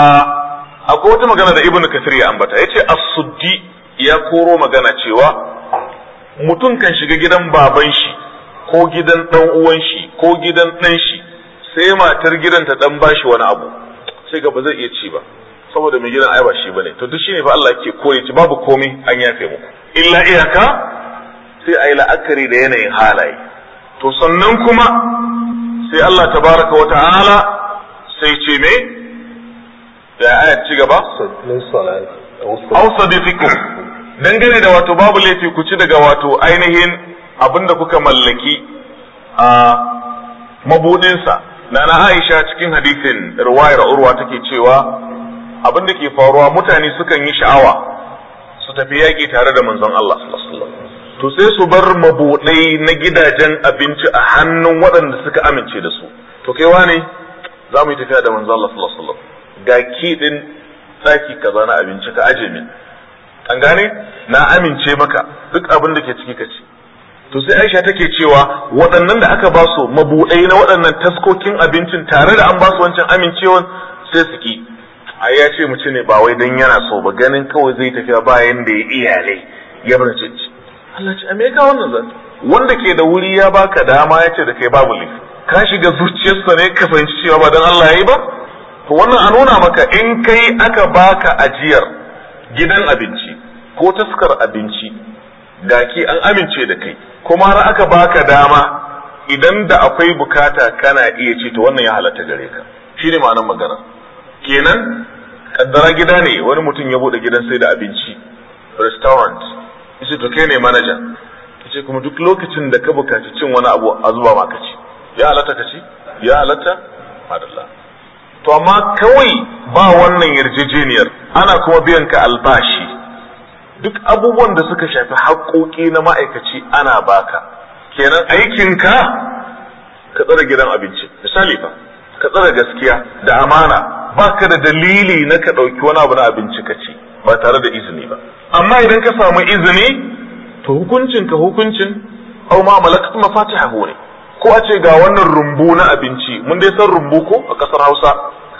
S1: akwai wata magana da ibnu kasir ya ambata yace as-suddi ya koro magana cewa mutum kan shiga gidan baban shi ko gidan dan uwan shi ko gidan dan shi sai matar gidan ta dan bashi wani abu sai ga ba zai iya ci ba saboda mai gidan ai ba shi bane to duk shine fa Allah yake koyi ci babu komai an yafe muku illa iyaka sai ayi la'akari da yanayin halaye to sannan kuma sai Allah tabaraka wata'ala sai ce me da ayat ci gaba au sadiqikum dangane da wato babu laifi ku ci daga wato ainihin abinda kuka mallaki a mabudinsa na na Aisha cikin hadisin ruwayar urwa take cewa abinda ke faruwa mutane sukan yi sha'awa su tafi yaƙi tare da manzon Allah to sai su bar mabuɗai na gidajen abinci a hannun waɗanda suka amince da su to kai wane za mu yi tafiya da manzon Allah sallallahu ga kidin tsaki kaza na abinci ka aje min an gane na amince maka duk abin da ke ciki ka ci to sai Aisha take cewa waɗannan da aka ba su mabuɗai na waɗannan taskokin abincin tare da an ba su wancan amincewan sai su ki a ya ce mu ne ba wai dan yana so ba ganin kawai zai tafiya bayan da ya iyale, ya bar ci Allah ce me ka wannan zan wanda ke da wuri ya baka dama ya ce da kai babu laifi ka shiga zuciyarsa ne ka fahimci cewa ba dan Allah yayi ba to wannan a nuna maka in kai aka baka ajiyar gidan abinci ko taskar abinci ki an amince da kai kuma har aka baka dama idan da akwai bukata kana iya ce to wannan ya halatta gare ka shine ma'anar magana kenan kaddara gida ne wani mutum ya bude gidan sai da abinci restaurant yace to kai ne manager kace kuma duk lokacin da ka bukaci cin wani abu a zuba maka ci ya halatta ka ci ya halatta madalla to amma kawai ba wannan yarjejeniyar ana kuma biyan ka albashi duk abubuwan da suka shafi haƙoƙi na ma'aikaci ana baka kenan aikinka ka tsara gidan abinci misali fa ka tsara gaskiya da amana baka da dalili na ka ɗauki wani abu na abinci ka ci ba tare da izini ba amma idan ka samu izini to hukuncin ka hukuncin au ma malakat mafatihahu ne ko a ce ga wannan rumbu na abinci mun dai san rumbu ko a kasar Hausa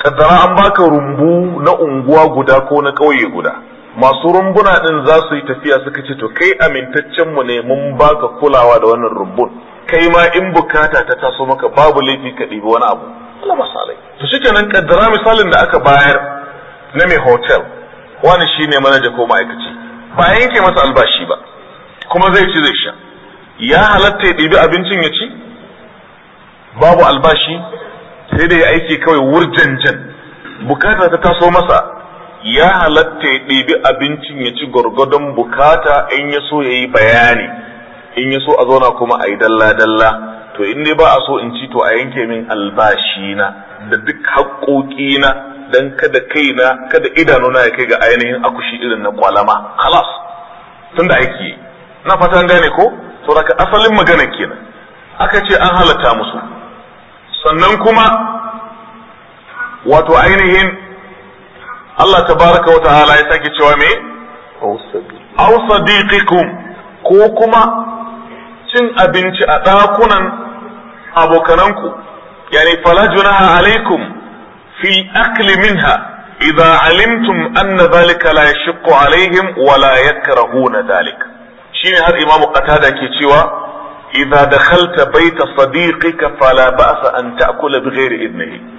S1: kaddara an baka rumbu na unguwa guda ko na ƙauye guda masu rumbuna din za su yi tafiya suka ce to kai amintaccen mu ne mun baka kulawa da wannan rumbun kai ma in bukata ta taso maka babu laifi ka ɗibi wani abu Allah masalai to shikenan kaddara misalin da aka bayar na mai hotel wani shi ne manaja ko ma'aikaci ba yanke masa albashi ba kuma zai ci zai sha ya halatta ya ɗibi abincin ya ci babu albashi sai da ya aiki kawai wurjanjan bukata ta taso masa ya halatta ya ɗebi abincin ya ci gwargwadon bukata in ya so ya yi bayani in ya so a zauna kuma a yi dalla-dalla to in dai ba a so in ci to a yanke min albashina da duk haƙoƙina don kada kaina kada idanuna ya kai ga ainihin akushi irin na kwalama halas tun da ake na fata gane ko raka asalin magana kenan aka ce an halatta musu sannan kuma wato ainihin Allah tabaraka wa ta'ala ya sake cewa me aw sadiqikum ko kuma cin abinci a dakunan abokananku yani fala junaha alaikum fi akli minha idza alimtum anna علمتم la yashqu alaihim wa la yakrahuna يكرهون shine har imam qatada ke cewa idza dakhalta bayta sadiqika fala ba'sa an ta'kula bighairi idnihi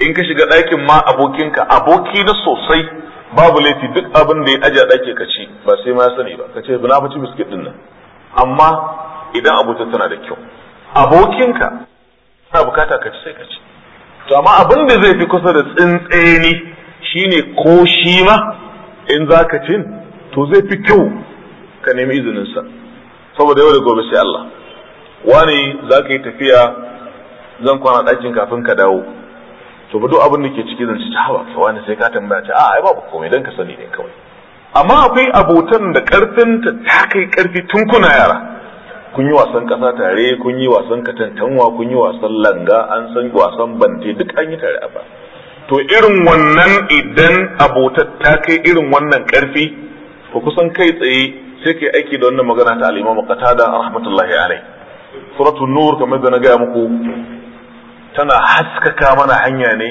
S1: in ka shiga ɗakin ma abokinka aboki na sosai babu laifi duk abin da ya aje ɗaki ka ci ba sai ma ya sani ba ka ce na ci biskit din nan amma idan abota tana da kyau abokinka na bukata ka ci sai ka ci to amma abin da zai fi kusa da tsintseni shine ko shi ma in za ka cin to zai fi kyau ka nemi izinin sa. saboda yau da gobe sai Allah wani za ka yi tafiya zan kwana ɗakin kafin ka dawo to ba abin da ke ciki zan ci hawa ka wani sai ka tambaya ce a ai babu komai dan ka sani ne kawai amma akwai abotan da karfin ta ta kai karfi tun kuna yara kun yi wasan kasa tare kun yi wasan katantanwa kun yi wasan langa an san wasan bante duk an yi tare a to irin wannan idan abotar ta kai irin wannan karfi ko kusan kai tsaye sai kai aiki da wannan magana ta al-Imam Qatada rahmatullahi alai. suratul nur kamar da na gaya muku tana haskaka mana hanya ne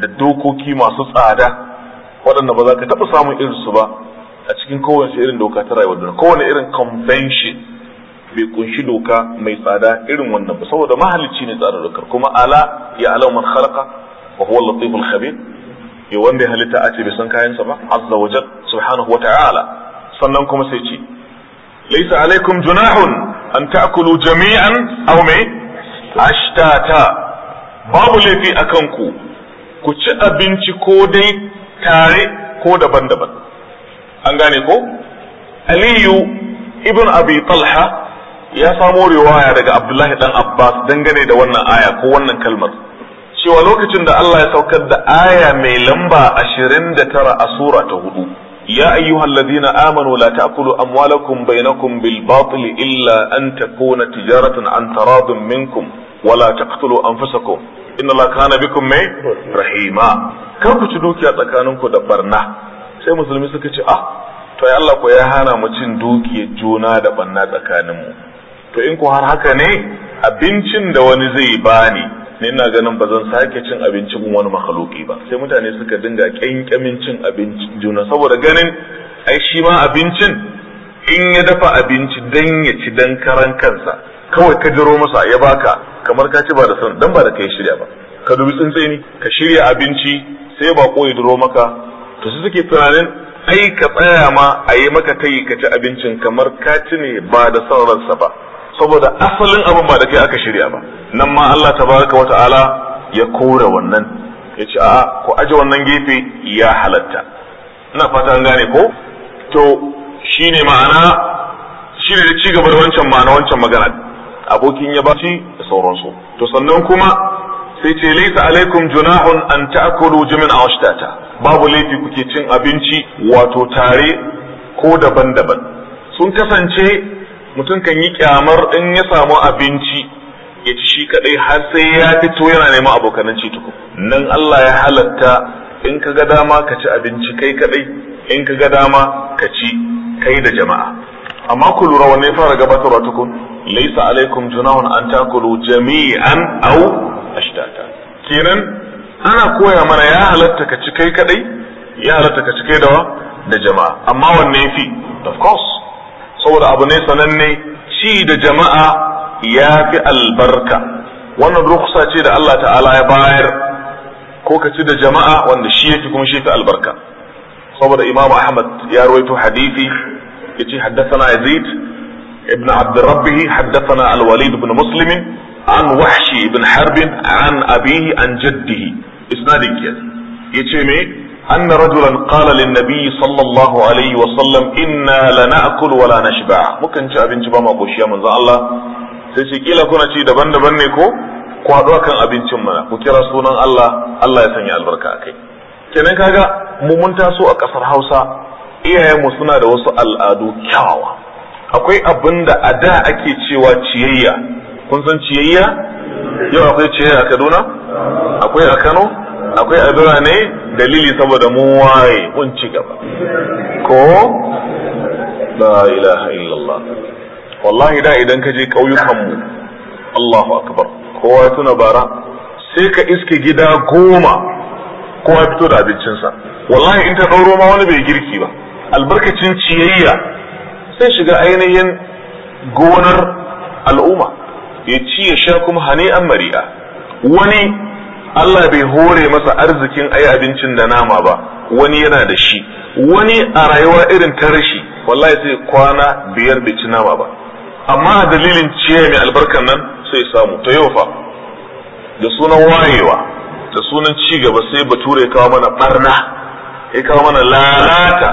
S1: da dokoki masu tsada waɗanda ba za ka taɓa samun su ba a cikin kowace irin doka ta rayuwar duniya kowane irin convention bai kunshi doka mai tsada irin wannan ba saboda mahalicci ne tsarin dokar kuma ala ya alau man khalaqa wa huwa latiful khabir ya wanda ya halitta a ce bai san kayansa ba azza wa subhanahu wa ta'ala sannan kuma sai ce laysa alaikum junahun an ta'kulu jami'an aw mai ashtata babu laifi a kanku ku ci abinci ko dai tare ko daban-daban an gane ko aliyu ibn abi talha ya samo riwaya daga abdullahi dan abbas dangane da wannan aya ko wannan kalmar cewa lokacin da allah ya saukar da aya mai lamba ashirin da tara a sura ta hudu يا أيها الذين آمنوا لا تأكلوا أموالكم بينكم بالباطل إلا أن تكون تجارة عن تراض منكم ولا تقتلوا أنفسكم إن الله كان بكم رحيما kar ku ci dukiya tsakaninku da barna sai musulmi suka ce ah to ya Allah ko ya hana mu cin dukiyar juna da barna tsakaninmu to in ku har haka ne abincin da wani zai bani ni ina ganin ba zan sake cin abincin wani makaluki ba sai mutane suka dinga kyankyamin cin abinci juna saboda ganin ai shi ma abincin in ya dafa abinci dan ya ci dan karan kansa kawai ka jiro masa ya baka kamar ka ci ba da san dan ba da kai shirya ba ka dubi tsintsini ka shirya abinci sai ba ko ya duro maka to su suke tunanin ai ka tsaya ma a yi maka tayi ka ci abincin kamar ka ci ne ba da son ba saboda asalin abin ba da kai aka shirya ba nan ma Allah tabaraka wata'ala ya kora wannan ya ce a'a ku aje wannan gefe ya halatta ina fata an gane ko to shine ma'ana shine da ci gaba da wancan ma'ana wancan magana abokin ya baci da sauransu to sannan kuma sai ce laysa alaikum junahun an ta'kulu jumin awshtata babu laifi kuke cin abinci wato tare ko daban-daban sun kasance mutum kan yi kyamar in ya samu abinci ya ci shi kadai har sai ya fito yana neman abokanan ci tuku nan Allah ya halatta in ka ga dama ka ci abinci kai kadai in ka ga dama ka ci kai da jama'a amma ku lura wanne fara gabatarwa tukun laysa alaikum junahun an takulu jami'an aw ashtata kenan ana koya mana ya halatta ka ci kai kadai ya halatta ka ci kai da da jama'a amma wanne yafi of course saboda abu ne sananne ci da jama'a ya fi albarka wannan rukhsa ce da Allah ta'ala ya bayar ko ka ci da jama'a wanda shi yake kuma shi fi albarka saboda Imam Ahmad ya rawaito hadisi yace haddathana Yazid ibn Abd Rabbih haddathana Al-Walid ibn Muslim an Wahshi ibn Harb an abihi an jaddihi isnadin yace me أن رجلا قال للنبي صلى الله عليه وسلم إنا لنأكل ولا نشبع ممكن أبن جبا ما قوشيا من الله سيسيكيلا كنا شي دبن دبن نيكو kwaɗuwa kan abincin mana ku kira sunan Allah Allah ya sanya albarka a kai kenan kaga mu mun taso a ƙasar Hausa iyayenmu suna da wasu al'adu kyawawa akwai abin da a da ake cewa ciyayya kun san ciyayya yau akwai ciyayya a Kaduna akwai a Kano akwai addu'a ne dalili saboda mun waye mun ci gaba ko la ilaha illallah wallahi da idan ka je ƙauyukan mu Allahu akbar kowa tuna bara sai ka iske gida goma kowa fito da abincinsa wallahi in ta ɗauro ma wani bai girki ba albarkacin ciyayya sai shiga ainihin gonar al'umma ya ci ya sha kuma hani'an mari'a wani Allah bai hore masa arzikin ai abincin da nama ba wani yana da shi wani a rayuwa irin ta rashi wallahi sai kwana biyar bai ci nama ba amma a dalilin ciye mai albarkan nan sai samu ta yau fa da sunan wayewa da sunan ci gaba sai bature ya kawo mana barna ya kawo mana lalata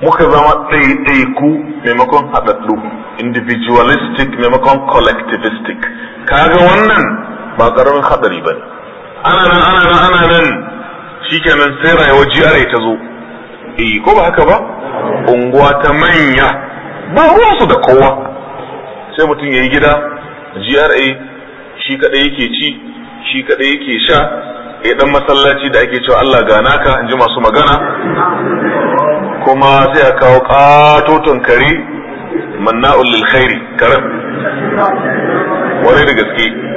S1: muka zama ɗaiɗaiku maimakon haɗaɗɗu individualistic maimakon collectivistic kaga wannan ba ƙaramin haɗari ba ne ana nan ana nan ana nan shikenan sai rayuwar GRA ta zo eh ko ba haka ba unguwa ta manya ba su da kowa sai mutum ya yi gida GRA shi kadai yake ci shi kadai yake sha ya eh, dan masallaci da ake cewa Allah gana ka in ji masu magana kuma sai a kawo katoton kare manna'ul lil khairi karam wani da gaske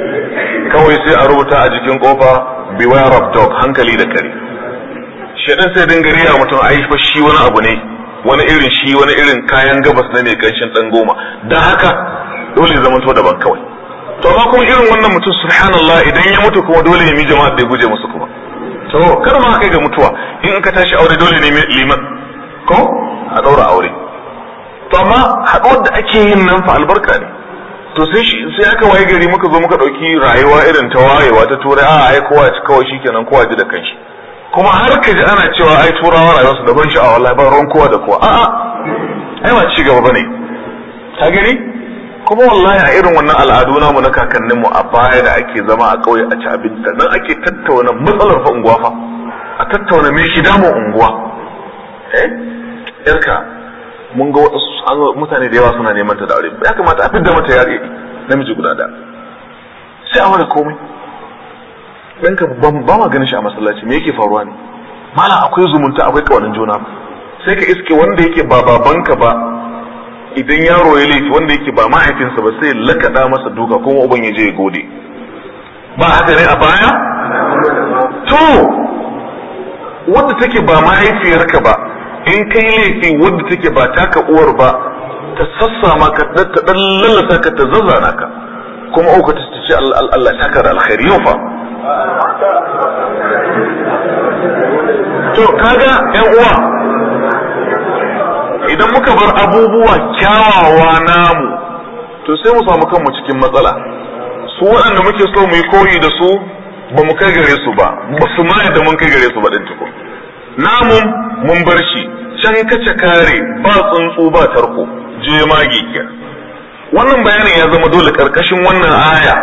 S1: kawai sai a rubuta a jikin kofa beware of dog hankali da kare shedan sai dinga riya mutum ai fa shi wani abu ne wani irin shi wani irin kayan gabas na mai kanshin dan goma dan haka dole zamanto daban kawai to amma kuma irin wannan mutum subhanallah idan ya mutu kuma dole ne mi jama'a da guje musu kuma to kar ma kai ga mutuwa in ka tashi aure dole ne liman ko a daura aure to amma haɗuwar da ake yin nan fa albarka ne to sai sai aka waye gari muka zo muka dauki rayuwa irin ta wayewa ta turai a ai kowa kawai shikenan kowa ji da kanshi kuma har ka ji ana cewa ai turawa rayuwar su daban sha'awa wallahi ba ruwan kowa da kowa a'a ai ba ci gaba bane ka gani kuma wallahi a irin wannan al'adu namu na kakanninmu a baya da ake zama a ƙauye a ci abinci nan ake tattauna matsalar fa unguwa fa a tattauna me shi damu unguwa eh yarka mun ga mutane da yawa suna neman ta da aure ya kamata a fidda mata yare namiji guda da sai a wani komai ka ba ma ganin shi a masallaci me yake faruwa ne mala akwai zumunta akwai kawanin juna sai ka iske wanda yake ba babanka ba idan yaro ya laifi wanda yake ba mahaifinsa ba sai lakaɗa masa duka kuma uban ya je ya gode ba haka ne a baya to wanda take ba mahaifiyarka ba in kai laifi wanda take ba taka uwar ba ta sassa ma ka ta dan lallasa ka ta zazzana ka kuma uku ta ce Allah saka da alkhairi yau fa to kaga yan uwa idan muka bar abubuwa kyawawa namu to sai mu samu kanmu cikin matsala su waɗanda muke so mu yi koyi da su ba mu kai gare su ba ba su ma yadda mun kai gare su ba ɗin tukun namun mun bar shi can kace kare ba tsuntsu ba tarko je ma kiya wannan bayanin ya zama dole karkashin wannan aya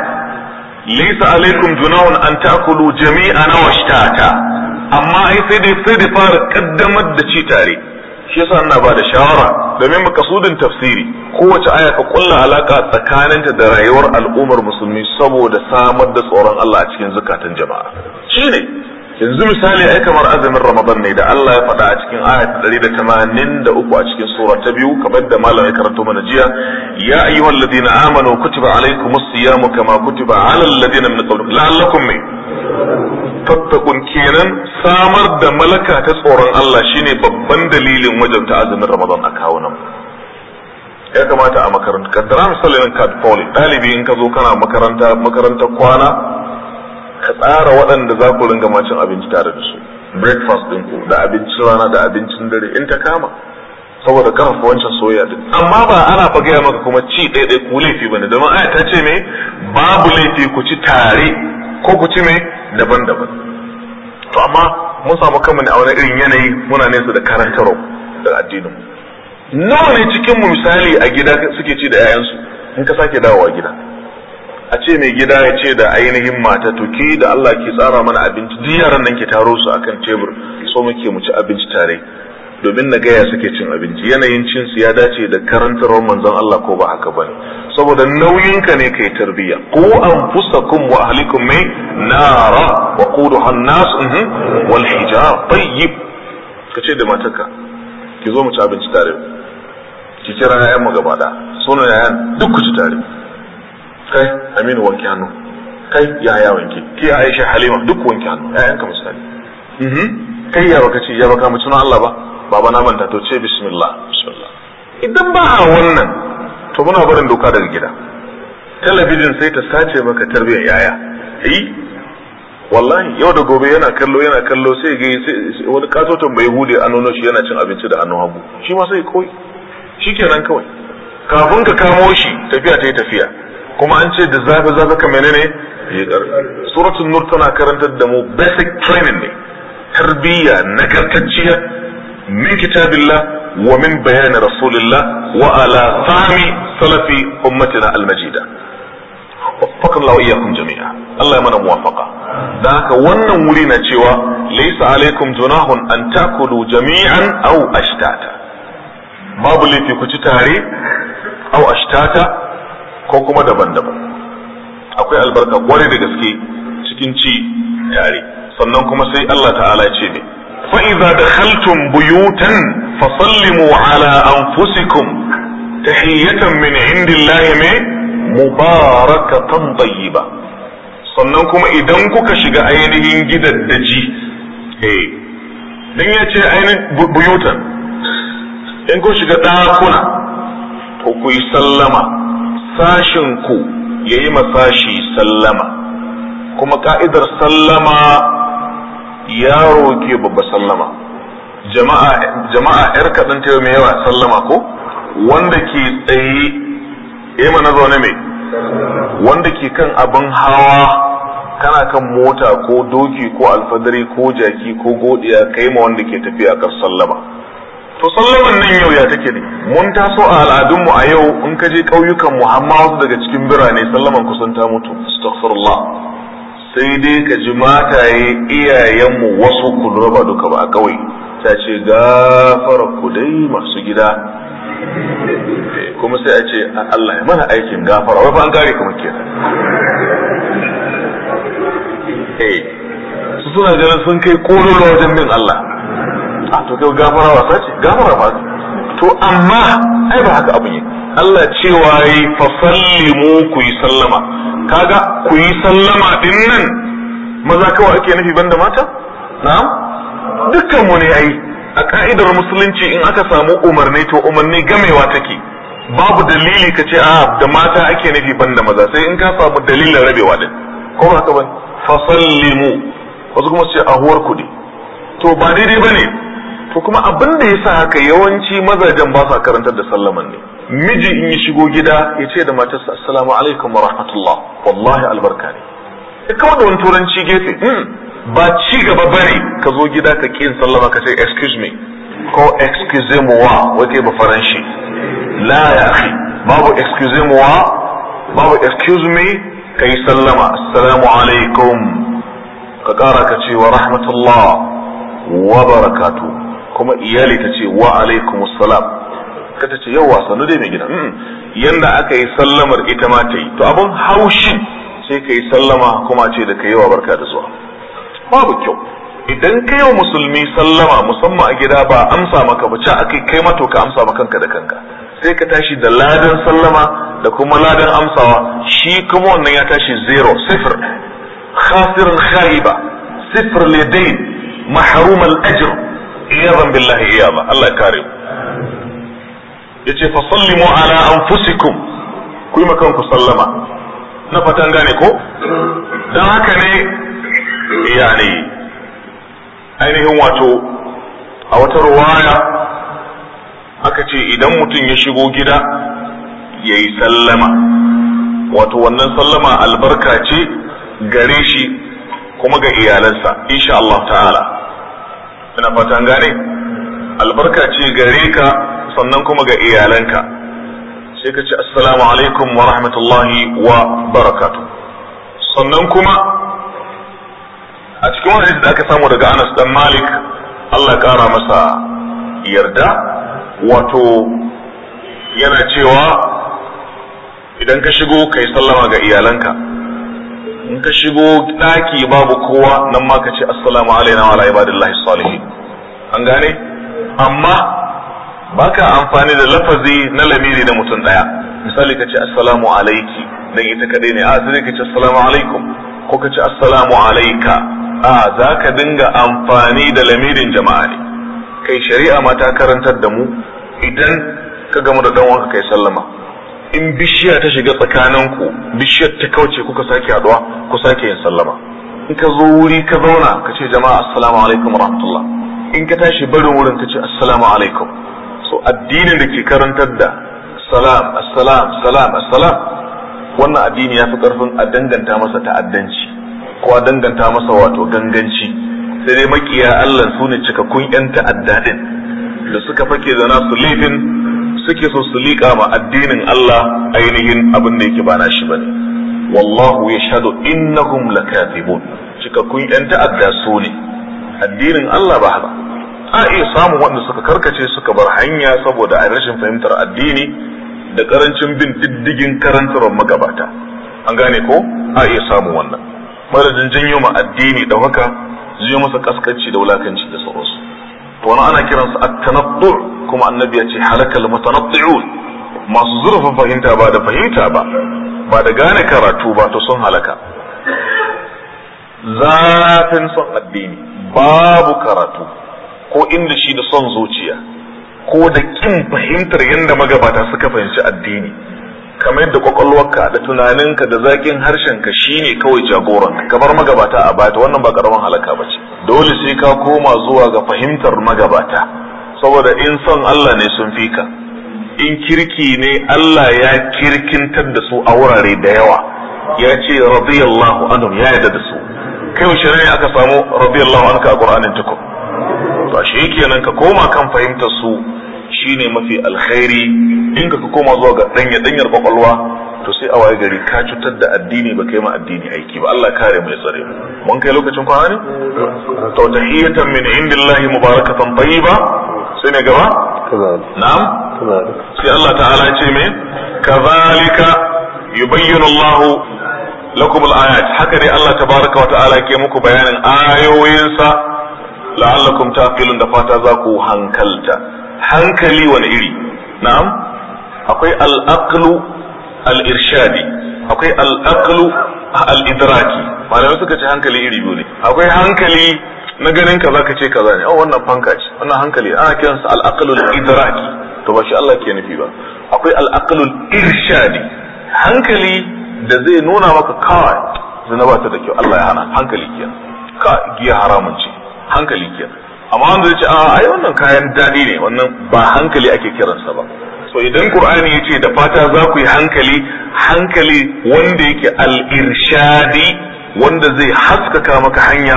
S1: laysa alaikum junahun an ta'kulu jami'an wa shtata amma ai sai dai sai da fara kaddamar da ci tare shi yasa ina ba da shawara domin makasudin tafsiri kowace aya ka kulla alaka tsakaninta da rayuwar al'ummar musulmi saboda samar da tsoron Allah a cikin zukatan jama'a shine yanzu misali ai kamar azumin ramadan ne da Allah ya faɗa a cikin aya ta 183 a cikin sura ta biyu kamar da malamai karanto mana jiya ya ayyuhal ladina amanu kutiba alaykumus siyamu kama kutiba alal ladina min qablikum la'allakum tattakun kenan samar da malaka ta tsoron Allah shine babban dalilin wajen ta azumin ramadan a kawunan ya kamata a makaranta kaddara misalin kad poli dalibi in ka zo kana makaranta makarantar kwana ka tsara waɗanda za ku ringa macin abinci tare da su breakfast din ku da abincin rana da abincin dare in ta kama saboda karfafa wancan soya din amma ba ana fa gaya maka kuma ci ɗaya ɗaya ku laifi bane domin aya ta ce me babu laifi ku ci tare ko ku ci me daban-daban to amma mun samu kanmu ne a wani irin yanayi muna nesa da karantaro da addinin nawa ne cikin mu misali a gida suke ci da 'ya'yansu in ka sake dawowa gida a ce mai gida ya ce da ainihin mata to ki da Allah ke tsara mana abinci duk yaran nan ke taro su akan tebur so muke mu ci abinci tare domin na gaya suke cin abinci yanayin cin su ya dace da karantar manzon Allah ko ba haka bane saboda nauyinka ne kai tarbiyya ku anfusakum wa ahlikum mai nara wa quduha an-nas mhm, wal hijab tayyib kace da mataka ki zo mu ci abinci tare ki kira 'ya'yan mu gaba da sunan 'ya'yan duk ku ci tare kai aminu wanke hannu kai yaya wanke ki aisha halima duk wanke hannu ƴaƴanka misali
S2: mhm. kai ya baka
S1: ce ya baka mu sunan Allah ba baba na manta to ce bismillah bismillah idan ba a wannan to muna barin doka daga gida talabijin sai ta sace maka tarbiyyar yaya eh wallahi yau da gobe yana kallo yana kallo sai ga wani katoton bai hude a nono shi yana cin abinci da hannu hagu shi ma sai koi shikenan kawai kafin ka kamo shi tafiya ta yi tafiya kuma an ce da zafi zafi ka menene suratul nur tana karantar da mu basic training ne tarbiyya karkaciya, min kitabillah wa min bayan rasulillah wa ala fahmi salafi ummatina almajida وفقنا الله واياكم جميعا الله يمنى موافقه da haka wannan wuri na cewa laysa alaikum junahun an takulu jami'an aw ashtata babu laifi ku ci tare aw ashtata ko kuma daban-daban akwai albarka kwarai da gaske cikin ci tare sannan kuma sai Allah ta'ala ce ne Fa'iza da haltun buyutan fasallimu ala ta tahiyatan min indillahi me mubarakatan ba. sannan kuma idan kuka shiga ainihin gidaddaji eh dan ce ainihin buyutan in kun shiga ɗakuna to ku yi sallama sashin ku yayi masashi sallama kuma ka'idar sallama yaro ke babba sallama jama'a jama'a yar kadan ta mai yawa sallama ko wanda ke tsaye eh mana zaune mai wanda ke kan abin hawa kana kan mota ko doki ko alfadari ko jaki ko godiya kai ma wanda ke tafiya kar sallama to sallaman nan yau ya take ne mun taso a al'adunmu a yau in ka je ƙauyukan mu amma wasu daga cikin birane sallaman kusan ta mutu astaghfirullah sai dai ka ji mataye iyayenmu wasu ku raba duka ba a ƙauye ta ce gafara ku dai masu gida kuma sai a ce Allah ya mana aikin gafara wai fa an kare kuma kenan eh su suna ganin sun kai kololo wajen bin Allah a ah, to kai gafara wasa ce gafara ba to amma ai ba haka abin ne Allah cewa yi fa sallimu ku yi sallama kaga ku yi sallama din nan maza kawai ake nufi banda mata na'am dukkan mu ne ai a ka'idar musulunci in aka samu umarni to umarni gamewa take babu dalili ka ce a ah, da mata ake nufi banda maza sai in ka samu dalilin rabewa din ko ba ka fa sallimu wasu kuma su ce a huwar kudi to ba daidai bane to kuma abin da yasa haka yawanci mazajen ba sa karantar da sallaman ne miji in yi shigo gida ya ce da matarsa assalamu alaikum wa rahmatullah wallahi albarka ne ya kawo da wani turanci gefe hmm, ba ci gaba bane ka zo gida ka ƙin sallama ka ce excuse me ko excuse moi wai kai ba faranshi la ya akhi babu excuse wa. babu excuse me kai sallama assalamu alaikum ka kara ka ce wa rahmatullah wa barakatuh kuma iyali ta ce wa alaikum salam ka ta ce yawwa sanu dai mai gida yanda aka yi sallamar ita ma ta yi to abin haushin sai ka yi sallama kuma ce da ka yi wa barka da zuwa babu kyau idan ka yi wa musulmi sallama musamman a gida ba amsa maka ba ca aka kai mato ka amsa ma kanka da kanka sai ka tashi da ladan sallama da kuma ladan amsawa shi kuma wannan ya tashi zero sifir khasirin kha'iba. sifir ladain mahrum al-ajr iyadan billahi iyaba Allah kare mu yace fa sallimu ala anfusikum ku yi makan ku sallama na fatan gane ko dan haka ne yani ainihin wato a wata ruwaya aka ce idan mutum ya shigo gida ya yi sallama wato wannan sallama albarka ce gare shi kuma ga iyalansa insha Allah ta'ala ina fatan gane albarka ce gare ka sannan kuma ga iyalanka sai ka ce assalamu alaikum wa rahmatullahi wa barakatu sannan kuma a cikin wani da aka samu daga Anas dan Malik Allah kara masa yarda wato yana cewa idan ka shigo ka sallama ga iyalanka in ka shigo ɗaki babu kowa nan ma ka ce assalamu alaina wa ala ibadillahi salihin an gane amma baka amfani da lafazi na lamiri na mutum daya misali ka ce assalamu alaiki dan ita kadai ne a sai ka ce assalamu alaikum ko ka ce assalamu alaika a zaka dinga amfani da lamirin jama'a ne kai shari'a ma ta karantar da mu idan ka gama da dan wanka kai sallama in bishiya ta shiga tsakaninku bishiyar ta kauce kuka sake haduwa ku sake yin sallama in ka zo wuri ka zauna ka ce jama'a assalamu alaikum rahmatullah in ka tashi barin wurin ka ce assalamu alaikum so addinin da ke karantar da salam assalam salam assalam wannan addini ya fi karfin a danganta masa ta'addanci ko a danganta masa wato ganganci sai dai makiya Allah su ne cikakkun yan ta'adda din da suka fake da su laifin suke so su liƙa ma addinin Allah ainihin abin da yake ba na shi bane wallahu yashhadu innahum lakathibun cikakkun yan ta'adda su ne addinin Allah ba haka a iya samun waɗanda suka karkace suka bar hanya saboda a rashin fahimtar addini da karancin bin diddigin karantarwar magabata an gane ko a iya samun wannan madadin janyo ma addini da haka janyo masa kaskanci da wulakanci da sauransu wani ana kiransa at-tanaddu kuma annabi ya ce halakal mutanaddi'un masu zurfa fahimta ba da fahimta ba ba da gane karatu ba to sun halaka zafin son addini babu karatu ko inda shi da son zuciya ko da kin fahimtar yadda magabata suka fahimci addini kamar yadda kwakwalwarka da tunaninka da zakin harshenka shine kawai jagoran kamar magabata a bata wannan ba karaman halaka ba ce dole sai ka koma zuwa ga fahimtar magabata saboda in son Allah ne sun fi ka in kirki ne Allah ya kirkintar da su a wurare da yawa ya ce radiyallahu anhum ya yarda da su kai wace ne aka samu radiyallahu anka a Qur'anin tukum to shi kenan ka koma kan fahimtar su shine mafi alkhairi in ka koma zuwa ga danya danyar kwakwalwa to sai a waye gari ka cutar da addini ba kai ma addini aiki ba Allah kare mu ya tsare mu mun kai lokacin kwana ne to tahiyatan min indillahi mubarakatan tayyiba sai ne gaba na'am sai Allah ta'ala ya ce me kazalika yubayyinu Allah lakum al-ayat haka dai Allah tabaraka wa ta'ala ke muku bayanin ayoyinsa la'allakum taqilun da fata za ku hankalta hankali wani iri na'am akwai al-aqlu al-irshadi akwai al-aqlu al-idraki malamai suka ce hankali iri biyu ne akwai hankali na ganin kaza ka ce kaza ne oh wannan fanka ce wannan hankali ana kiransa al-aqlu al-idraki to ba shi Allah ke nufi ba akwai al-aqlu irshadi hankali da zai nuna maka kawai zina ba ta da kyau Allah ya hana hankali kiyan ka giya haramun ce hankali kiyan amma wanda zai ce a ai wannan kayan daɗi ne wannan ba hankali ake kiransa ba so idan qur'ani yace da fata za ku yi hankali hankali wanda yake al-irshadi wanda zai haskaka maka hanya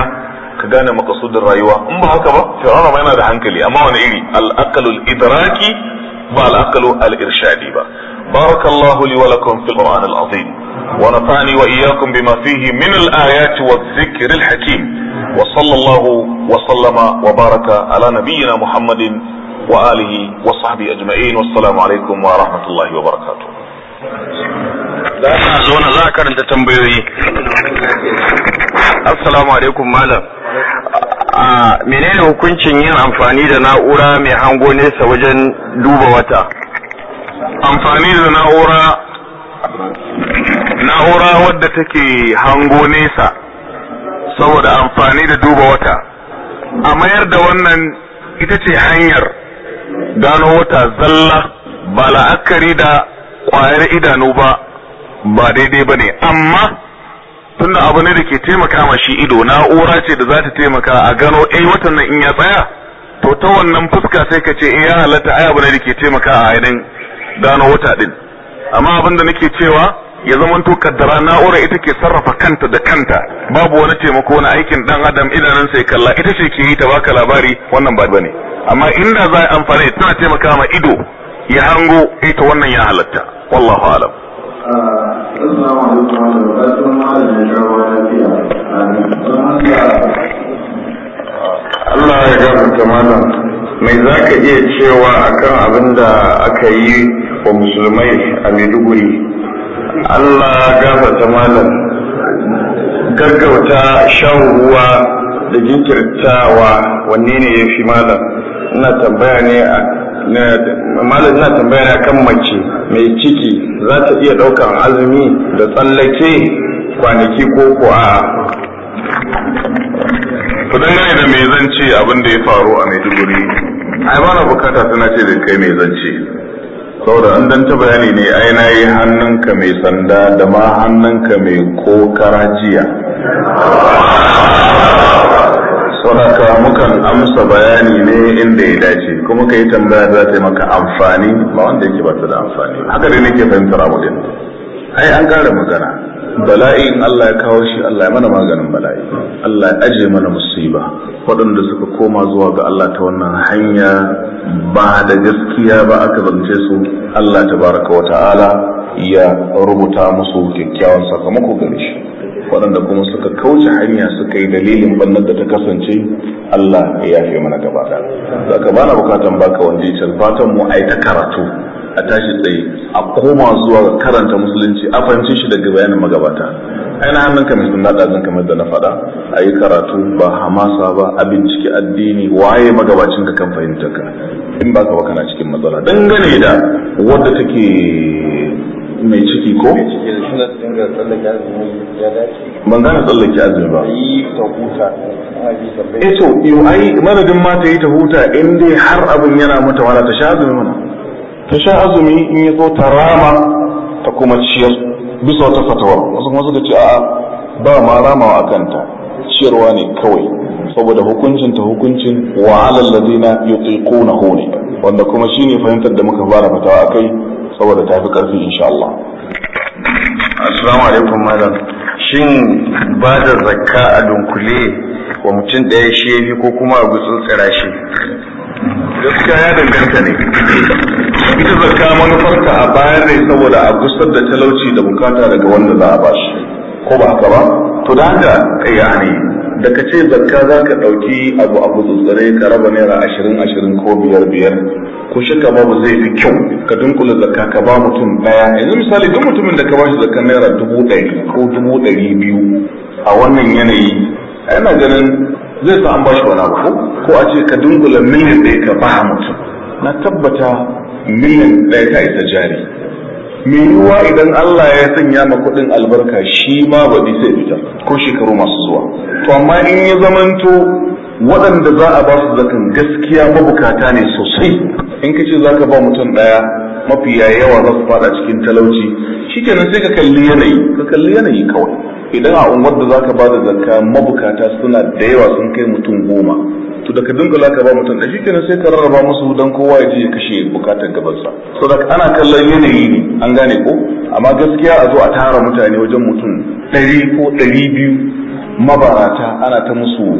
S1: ka gane makasudin rayuwa in ba haka ba fir'auna ma yana da hankali amma wani iri al-aqlul idraki ba al-aqlu al-irshadi ba barakallahu li wa lakum fil qur'an al-azim ونفعني وإياكم بما فيه من الآيات والذكر الحكيم وصلى الله وسلم وبارك على نبينا محمد وآله وصحبه أجمعين والسلام عليكم ورحمة الله وبركاته zo na za a karanta tambayoyi assalamu
S3: menene hukuncin yin amfani da na'ura mai hango nesa wajen duba wata
S2: amfani da
S1: na'ura na'ura wadda take hango nesa saboda amfani da duba wata a mayar da wannan ita ce hanyar gano wata zalla ba la'akari da ƙwayar idanu ba ba daidai ba ne amma tunda abu ne da ke taimaka ma shi ido na'ura ce da za ta taimaka a gano e, watan nan in ya tsaya to ta wannan fuska sai ka ce in eh, ya halatta ai abu ne da ke taimaka a ainihin gano wata din amma abin da nake cewa ya zamanto kaddara na'ura ita ke sarrafa kanta da kanta babu wani taimako na aikin dan adam idanun sai kalla ita ce ke yi ta baka labari wannan ba bane amma inda za a amfani tana taimaka ma ido ya hango ita eh, wannan ya halatta wallahu alam
S3: Allah ya gafarta malam mai za ka iya cewa akan abin da aka yi wa musulmai a Maiduguri Allah gafarta malam gaggauta shan ruwa da jinkirtawa wanne ne ya fi malam ina tambaya ne a malam ina tambaya ne kan mace mai ciki za ta iya
S1: ɗaukar azumi da tsallake kwanaki ko ko a dangane da mai zance abin da ya faru a maiduguri ai ba na bukata tana ce da kai mai zance saboda an dan bayani ne ai na yi hannunka mai sanda da ma hannunka mai kokara jiya saboda mukan amsa bayani ne inda ya dace kuma ka tambaya za ta yi maka amfani ba wanda yake ba ta da amfani haka dai nake fahimtar abu din ai an kara magana bala'i Allah ya kawo shi Allah ya mana maganin bala'i Allah ya aje mana musiba waɗanda suka koma zuwa ga Allah ta wannan hanya ba da gaskiya ba aka zance su Allah ta baraka wa ta'ala ya rubuta musu kyakkyawan sakamako gare shi waɗanda kuma suka kauce hanya suka yi dalilin bannan da ta kasance Allah ya yafe mana gaba ɗaya. Zaka bana bukatan baka wanda ya fatan mu ai ta karatu a tashi tsaye a koma zuwa karanta musulunci a fahimci shi daga bayanin magabata ainihin hannun ka mai da zan kamar da na faɗa a yi karatu ba hamasa ba a binciki addini waye magabacin ka kan fahimtar ka in ba ka ba kana cikin matsala dangane da wadda take mai ciki ko? ban gane tsallake azumi ba
S3: eto eh yau ai madadin
S1: ma ta yi ta huta in dai har abin yana mata wala ta sha azumi mana ta sha azumi in ya zo ta rama ta kuma ciyar bisa wata fatawa wasu kuma suka ce a'a ba ma rama a kanta ciyarwa ne kawai saboda hukuncin ta hukuncin wa alal ladina yutiquna ne wanda kuma shine fahimtar da muka fara fatawa akai saboda tafi karfi insha Allah assalamu alaikum madam shin ba da zakka a dunkule
S3: wa mutum ɗaya shi ko kuma a gutsun tsira shi gaskiya ya
S1: danganta ne ita zakka manufarta a baya ne saboda a gusar da talauci da bukata daga wanda za a bashi ko ba haka ba to da haka eh, ne da ka ce zakka za ka ɗauki abu abu tsutsare ka raba naira ashirin ashirin ko biyar biyar ko shakka babu zai fi kyau ka dunkula zakka ka ba mutum ɗaya yanzu misali duk mutumin da ka ba bashi zakka naira dubu ɗari ko dubu ɗari biyu a wannan yanayi yana ganin zai sa an shi wani abu ko a ce ka dungula miliyan ɗaya ka ba mutum na tabbata miliyan ɗaya ta isa jari Me yiwuwa idan Allah ya sanya ma kuɗin albarka shi ma ba sai fita ko shekaru masu zuwa to amma in ya zamanto waɗanda za a ba su zakan gaskiya mabukata ne sosai in ka ce za ka ba mutum ɗaya mafiya yawa za su faɗa cikin talauci shikenan sai ka kalli yanayi ka kalli yanayi kawai idan a unguwar da zaka bada zakka mabukata suna da yawa sun kai mutum goma to da ka za ka ba mutum da shikenan sai ka rarraba musu dan kowa ya je ya kashe bukatar gabansa so da ana kallon yanayi ne an gane ko amma gaskiya a zo a tara mutane wajen mutum ɗari ko ɗari biyu mabarata ana ta musu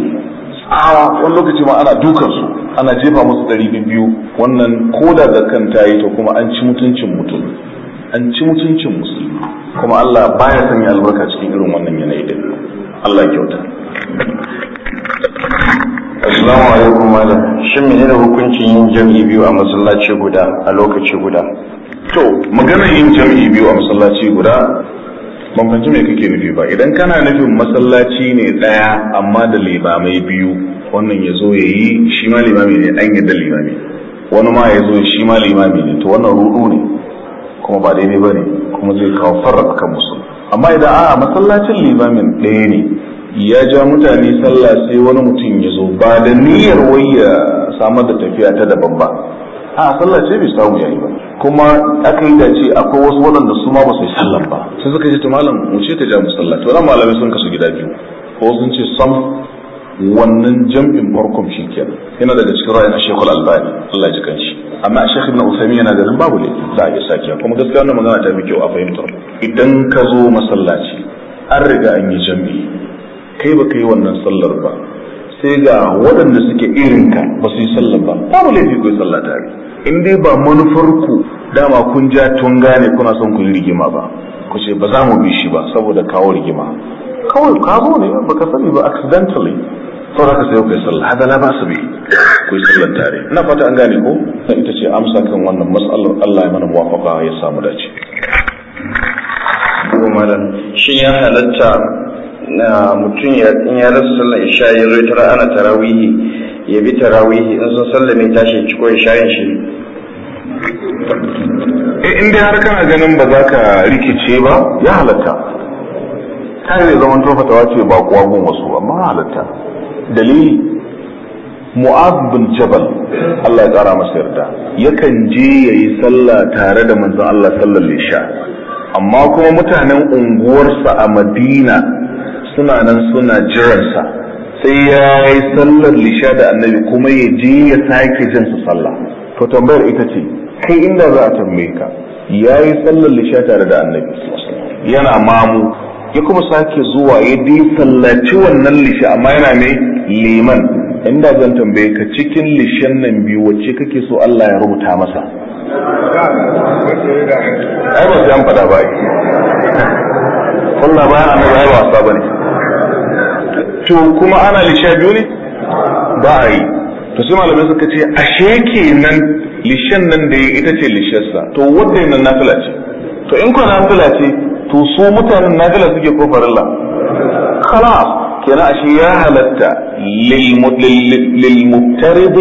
S1: tsawa wani lokaci ma ana dukansu ana jefa musu ɗari biyu wannan koda da zakkan ta yi to kuma an ci mutuncin mutum an ci mutuncin musulmi kuma Allah baya sanya albarka cikin irin wannan yanayi din Allah kyauta
S3: Assalamu alaikum malam shin menene hukuncin yin jami'i
S1: biyu a masallaci guda a lokaci guda to magana yin jami'i biyu a masallaci guda ban fahimci me kake nufi ba idan kana nufin masallaci ne daya amma da limamai biyu wannan ya zo ya yi shi ma limami ne an yadda limami wani ma ya zo shi ma limami ne to wannan rudu ne kuma ba daidai ba ne kuma zai kawo a kan musulmi amma idan a masallacin limamin ɗaya ne ya ja mutane sallah sai wani mutum ya zo ba da niyyar wai ya samar da tafiya ta daban ba a sallah ce bai samu yayi ba kuma aka yi dace akwai wasu waɗanda su ma ba su yi sallah ba sai suka ce ta malam mu ce ta ja mu sallah to ran malamai sun kasu gida biyu ko sun ce sam wannan jam'in farkon shi kenan yana daga cikin ra'ayin Sheikhul Al-Albani Allah ya kan shi amma Sheikh Ibn Uthaymeen yana ganin babu ne za a iya sakiya kuma gaskiya wannan magana ta miƙe a fahimtar idan ka zo masallaci an riga an yi jam'i kai ba kai wannan sallar ba sai ga waɗanda suke irin ka ba su yi sallar ba babu laifi ku yi sallah tare in dai ba manufarku dama kun ja tun gane kuna son ku yi rigima ba ku ce ba za mu bi shi ba saboda kawo rigima kawai ka zo ne baka sani ba accidentally sauraka sai kai sallah hada na ba su bi ku yi sallar tare ina fata an gane ko na ita ce amsa kan wannan matsalar Allah ya mana muwafaka ya samu dace
S3: ko malam shin ya halatta na mutum ya in ya rasa sallar isha ya zo tara ana tarawihi ya bi tarawihi in sun sallame tashi ci ko ishayin
S1: shi eh, in dai har kana ganin ba za ka rikice ba ya halatta ta zaman tofa ta wace ba kuwa gun wasu amma halatta dalili mu'ab bin jabal Allah ya kara masa yarda yakan je yayi sallah tare da manzon Allah sallallahu alaihi amma kuma mutanen unguwarsa a Madina suna nan suna jiransa sai ya yi sallar lisha da annabi kuma ya je ya sake jin su sallah to tambayar ita ce kai inda za a tambaye ka ya yi sallar lisha tare da annabi yana mamu ya kuma sake zuwa ya dai sallaci wannan lisha amma yana mai liman inda zan tambaye ka cikin lishen nan biyu wacce kake so Allah ya rubuta masa ai ba sai an fada ba Allah ba ana ba wasa ba ne to kuma ana lisha biyu ne ba a yi to sai malamai suka ce ashe nan lishen nan da ya ita ce lishensa to wadda yana nafila ce to in ko nafila ce to su mutanen nafila suke ko Kala. كراش يا هلتا للمضطرب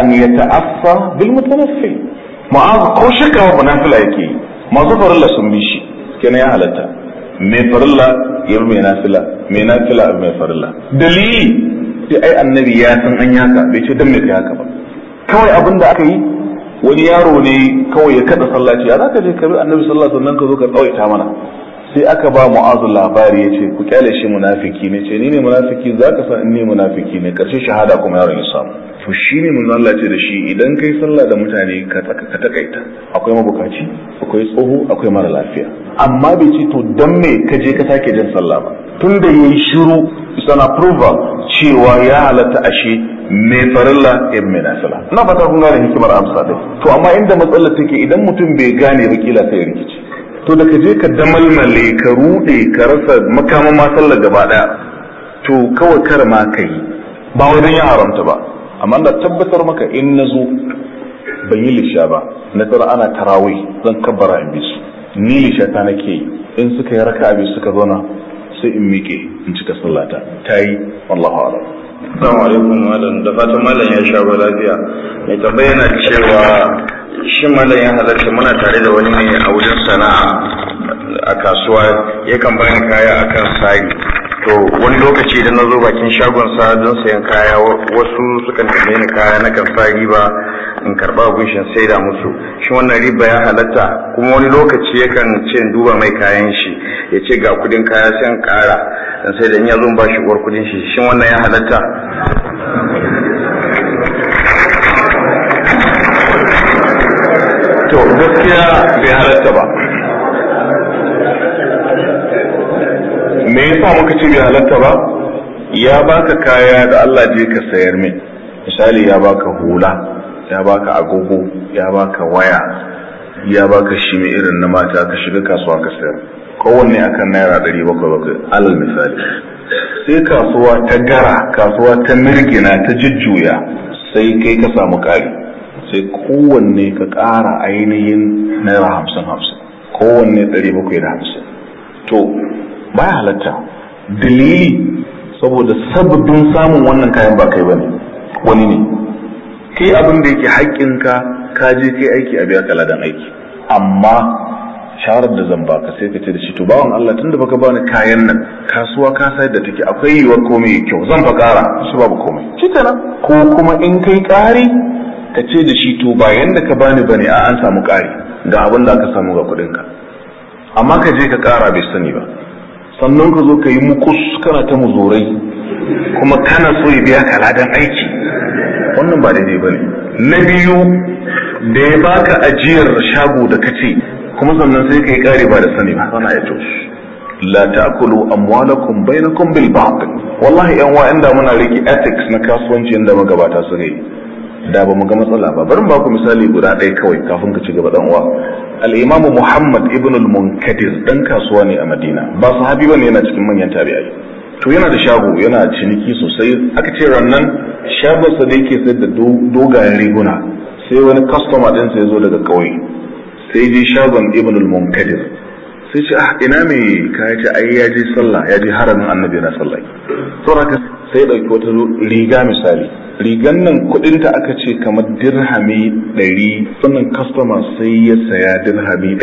S1: ان يتأفى بالمتنفل ما اذكر شكا وبنا في الايكي ما ظفر الله سميشي كنا يا هلتا مي فر الله يوم مي نافلة مي نافلة مي فر الله دليل في اي النبي يا سن ان ياكا بيتو دمك يا كبا كوي ابن دا اكي وني كوي يكدا صلاتي يا ذاك اللي كبير النبي صلى الله عليه وسلم كذوك الاوي تامنا sai aka ba mu'azu labari ya ce ku kyale shi munafiki ne ce ni ne munafiki ka san ni munafiki ne karshe shahada kuma yaron ya samu to shine mun Allah ce da shi idan kai sallah da mutane ka ka takaita akwai mabukaci akwai tsoho akwai mara lafiya amma bai ce to dan me ka je ka sake jin sallah ba tun da yayi shiru sana approval cewa ya halatta ashe me farilla in me nasila Na fata kun gane hikimar amsa dai to amma inda matsalar take idan mutum bai gane ba kila sai rikici to da ka je ka damalmale ka rude ka rasa makaman ma sallar gaba daya to kawai kar ma ka yi
S2: ba wajen ya haramta
S1: ba amma na tabbatar maka in na zo ban yi lisha ba na tsara ana tarawih zan kabbara in bi su ni lisha ta nake yi in suka yi raka'a bi suka zauna sai in miƙe in cika sallata ta yi wallahu a'lam Assalamu alaikum malam da fatan malam ya sha lafiya mai tambaya
S3: cewa shi malam ya halarta muna tare da wani ne a wajen sana'a a kasuwa yakan bani kaya akan sayi to wani lokaci idan na zo bakin shagonsa don sayan kaya wasu sukan tambaye ni kaya na kan sa riba in karba gunshin sai da musu shi wannan riba ya halatta kuma wani lokaci yakan ce in duba mai kayan shi ya ce ga kudin kaya sai kara dan sai da in ya zo ba shi uwar kudin shi shin wannan
S1: ya halatta to gaskiya bai halatta ba me yasa muka ce bai halatta ba ya baka kaya da Allah je ka sayar min misali ya baka hula ya baka agogo ya baka waya ya baka shi mai irin na mata ka shiga kasuwa ka sayar kowanne akan naira ɗari bakwai bakwai alal misali sai kasuwa ta gara kasuwa ta mirgina ta jujjuya sai kai ka samu ƙari sai kowanne ka ƙara ainihin naira hamsin hamsin kowanne ɗari bakwai da hamsin to ba halatta dalili saboda sabbin samun wannan kayan ba kai bane wani ne kai abin da yake haƙƙinka ka je kai aiki a biya kaladan aiki amma sharar da zan baka sai ka ce da shi to bawan Allah tun da baka bani kayan nan kasuwa ka sayar da take akwai yiwuwar komai ya kyau zan fa ƙara shi babu komai shikenan ko kuma in kai ƙari ka ce da shi to ba yanda ka bani bane a an samu ƙari ga abin da aka samu ga kuɗinka amma ka je ka ƙara bai sani ba sannan ka zo ka yi mukus kana ta muzurai kuma kana so ya biya kaladan aiki wannan ba daidai ba ne na biyu da ya baka ajiyar shago da kace kuma sannan sai ka yi kare ba da sani ba sana ya la ta'kulu amwalakum bainakum bil ba'd wallahi yan wa muna riki ethics na kasuwanci inda magabata su ne da ba mu ga matsala ba bari ba ku misali guda ɗaya kawai kafin ka ci gaba dan uwa al-imam Muhammad ibn al-Munkadir dan kasuwa ne a Madina ba sahabi bane yana cikin manyan tabi'ai to yana da shago yana ciniki sosai aka ce rannan shagon sa da yake sayar da dogayen riguna sai wani customer din sa ya zo daga kauye sai je shagon ibn al-Munkadir sai ce ah ina me ka ce ai ya je sallah ya je haramin annabi na sallah saboda sai dauki wata riga misali rigan nan ta aka ce kamar dirhami 100 sannan customer sai ya saya dirhami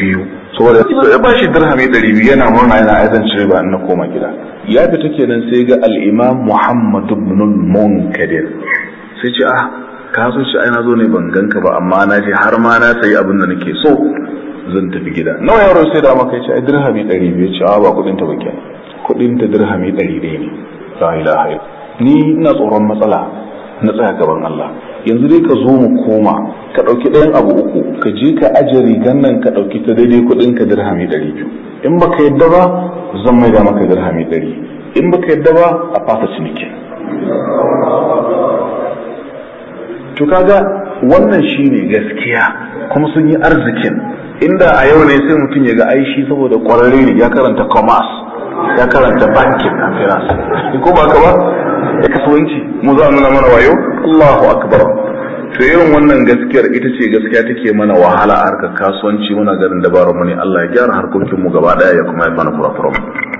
S1: 200 saboda ya ba shi dirhami 200 yana murna yana aizan ba na koma gida ya fita kenan sai ga al-imam Muhammad ibn munkadir sai ce ah ka san shi ai na zo ne ban ganka ba amma na je har ma na sayi abin da nake so zan tafi gida nawa yaron sai da maka yace ai dirhami 200 ce a ba kudin ta ba kudin ta dirhami 100 ne la ilaha illa ni ina tsoron matsala na tsaya gaban Allah yanzu dai ka zo mu koma ka ɗauki ɗayan abu uku ka je ka aje rigan nan ka ɗauki ta daidai kudin ka dirhami 100 biyu in baka yadda ba zan maida maka dirhami 100 in baka yadda ba a fata ciniki to kaga wannan shine gaskiya kuma sun yi arzikin inda a yau ne sai mutum ya ga aishi saboda kwararre ne ya karanta commerce ya karanta banking and finance ko ba ka ba ya kasuwanci mu za nuna mana wayo Allahu akbar to irin wannan gaskiyar ita ce gaskiya take mana wahala a harkar kasuwanci muna ganin dabarun mu ne Allah ya gyara harkokin mu gaba daya ya kuma ya bana fura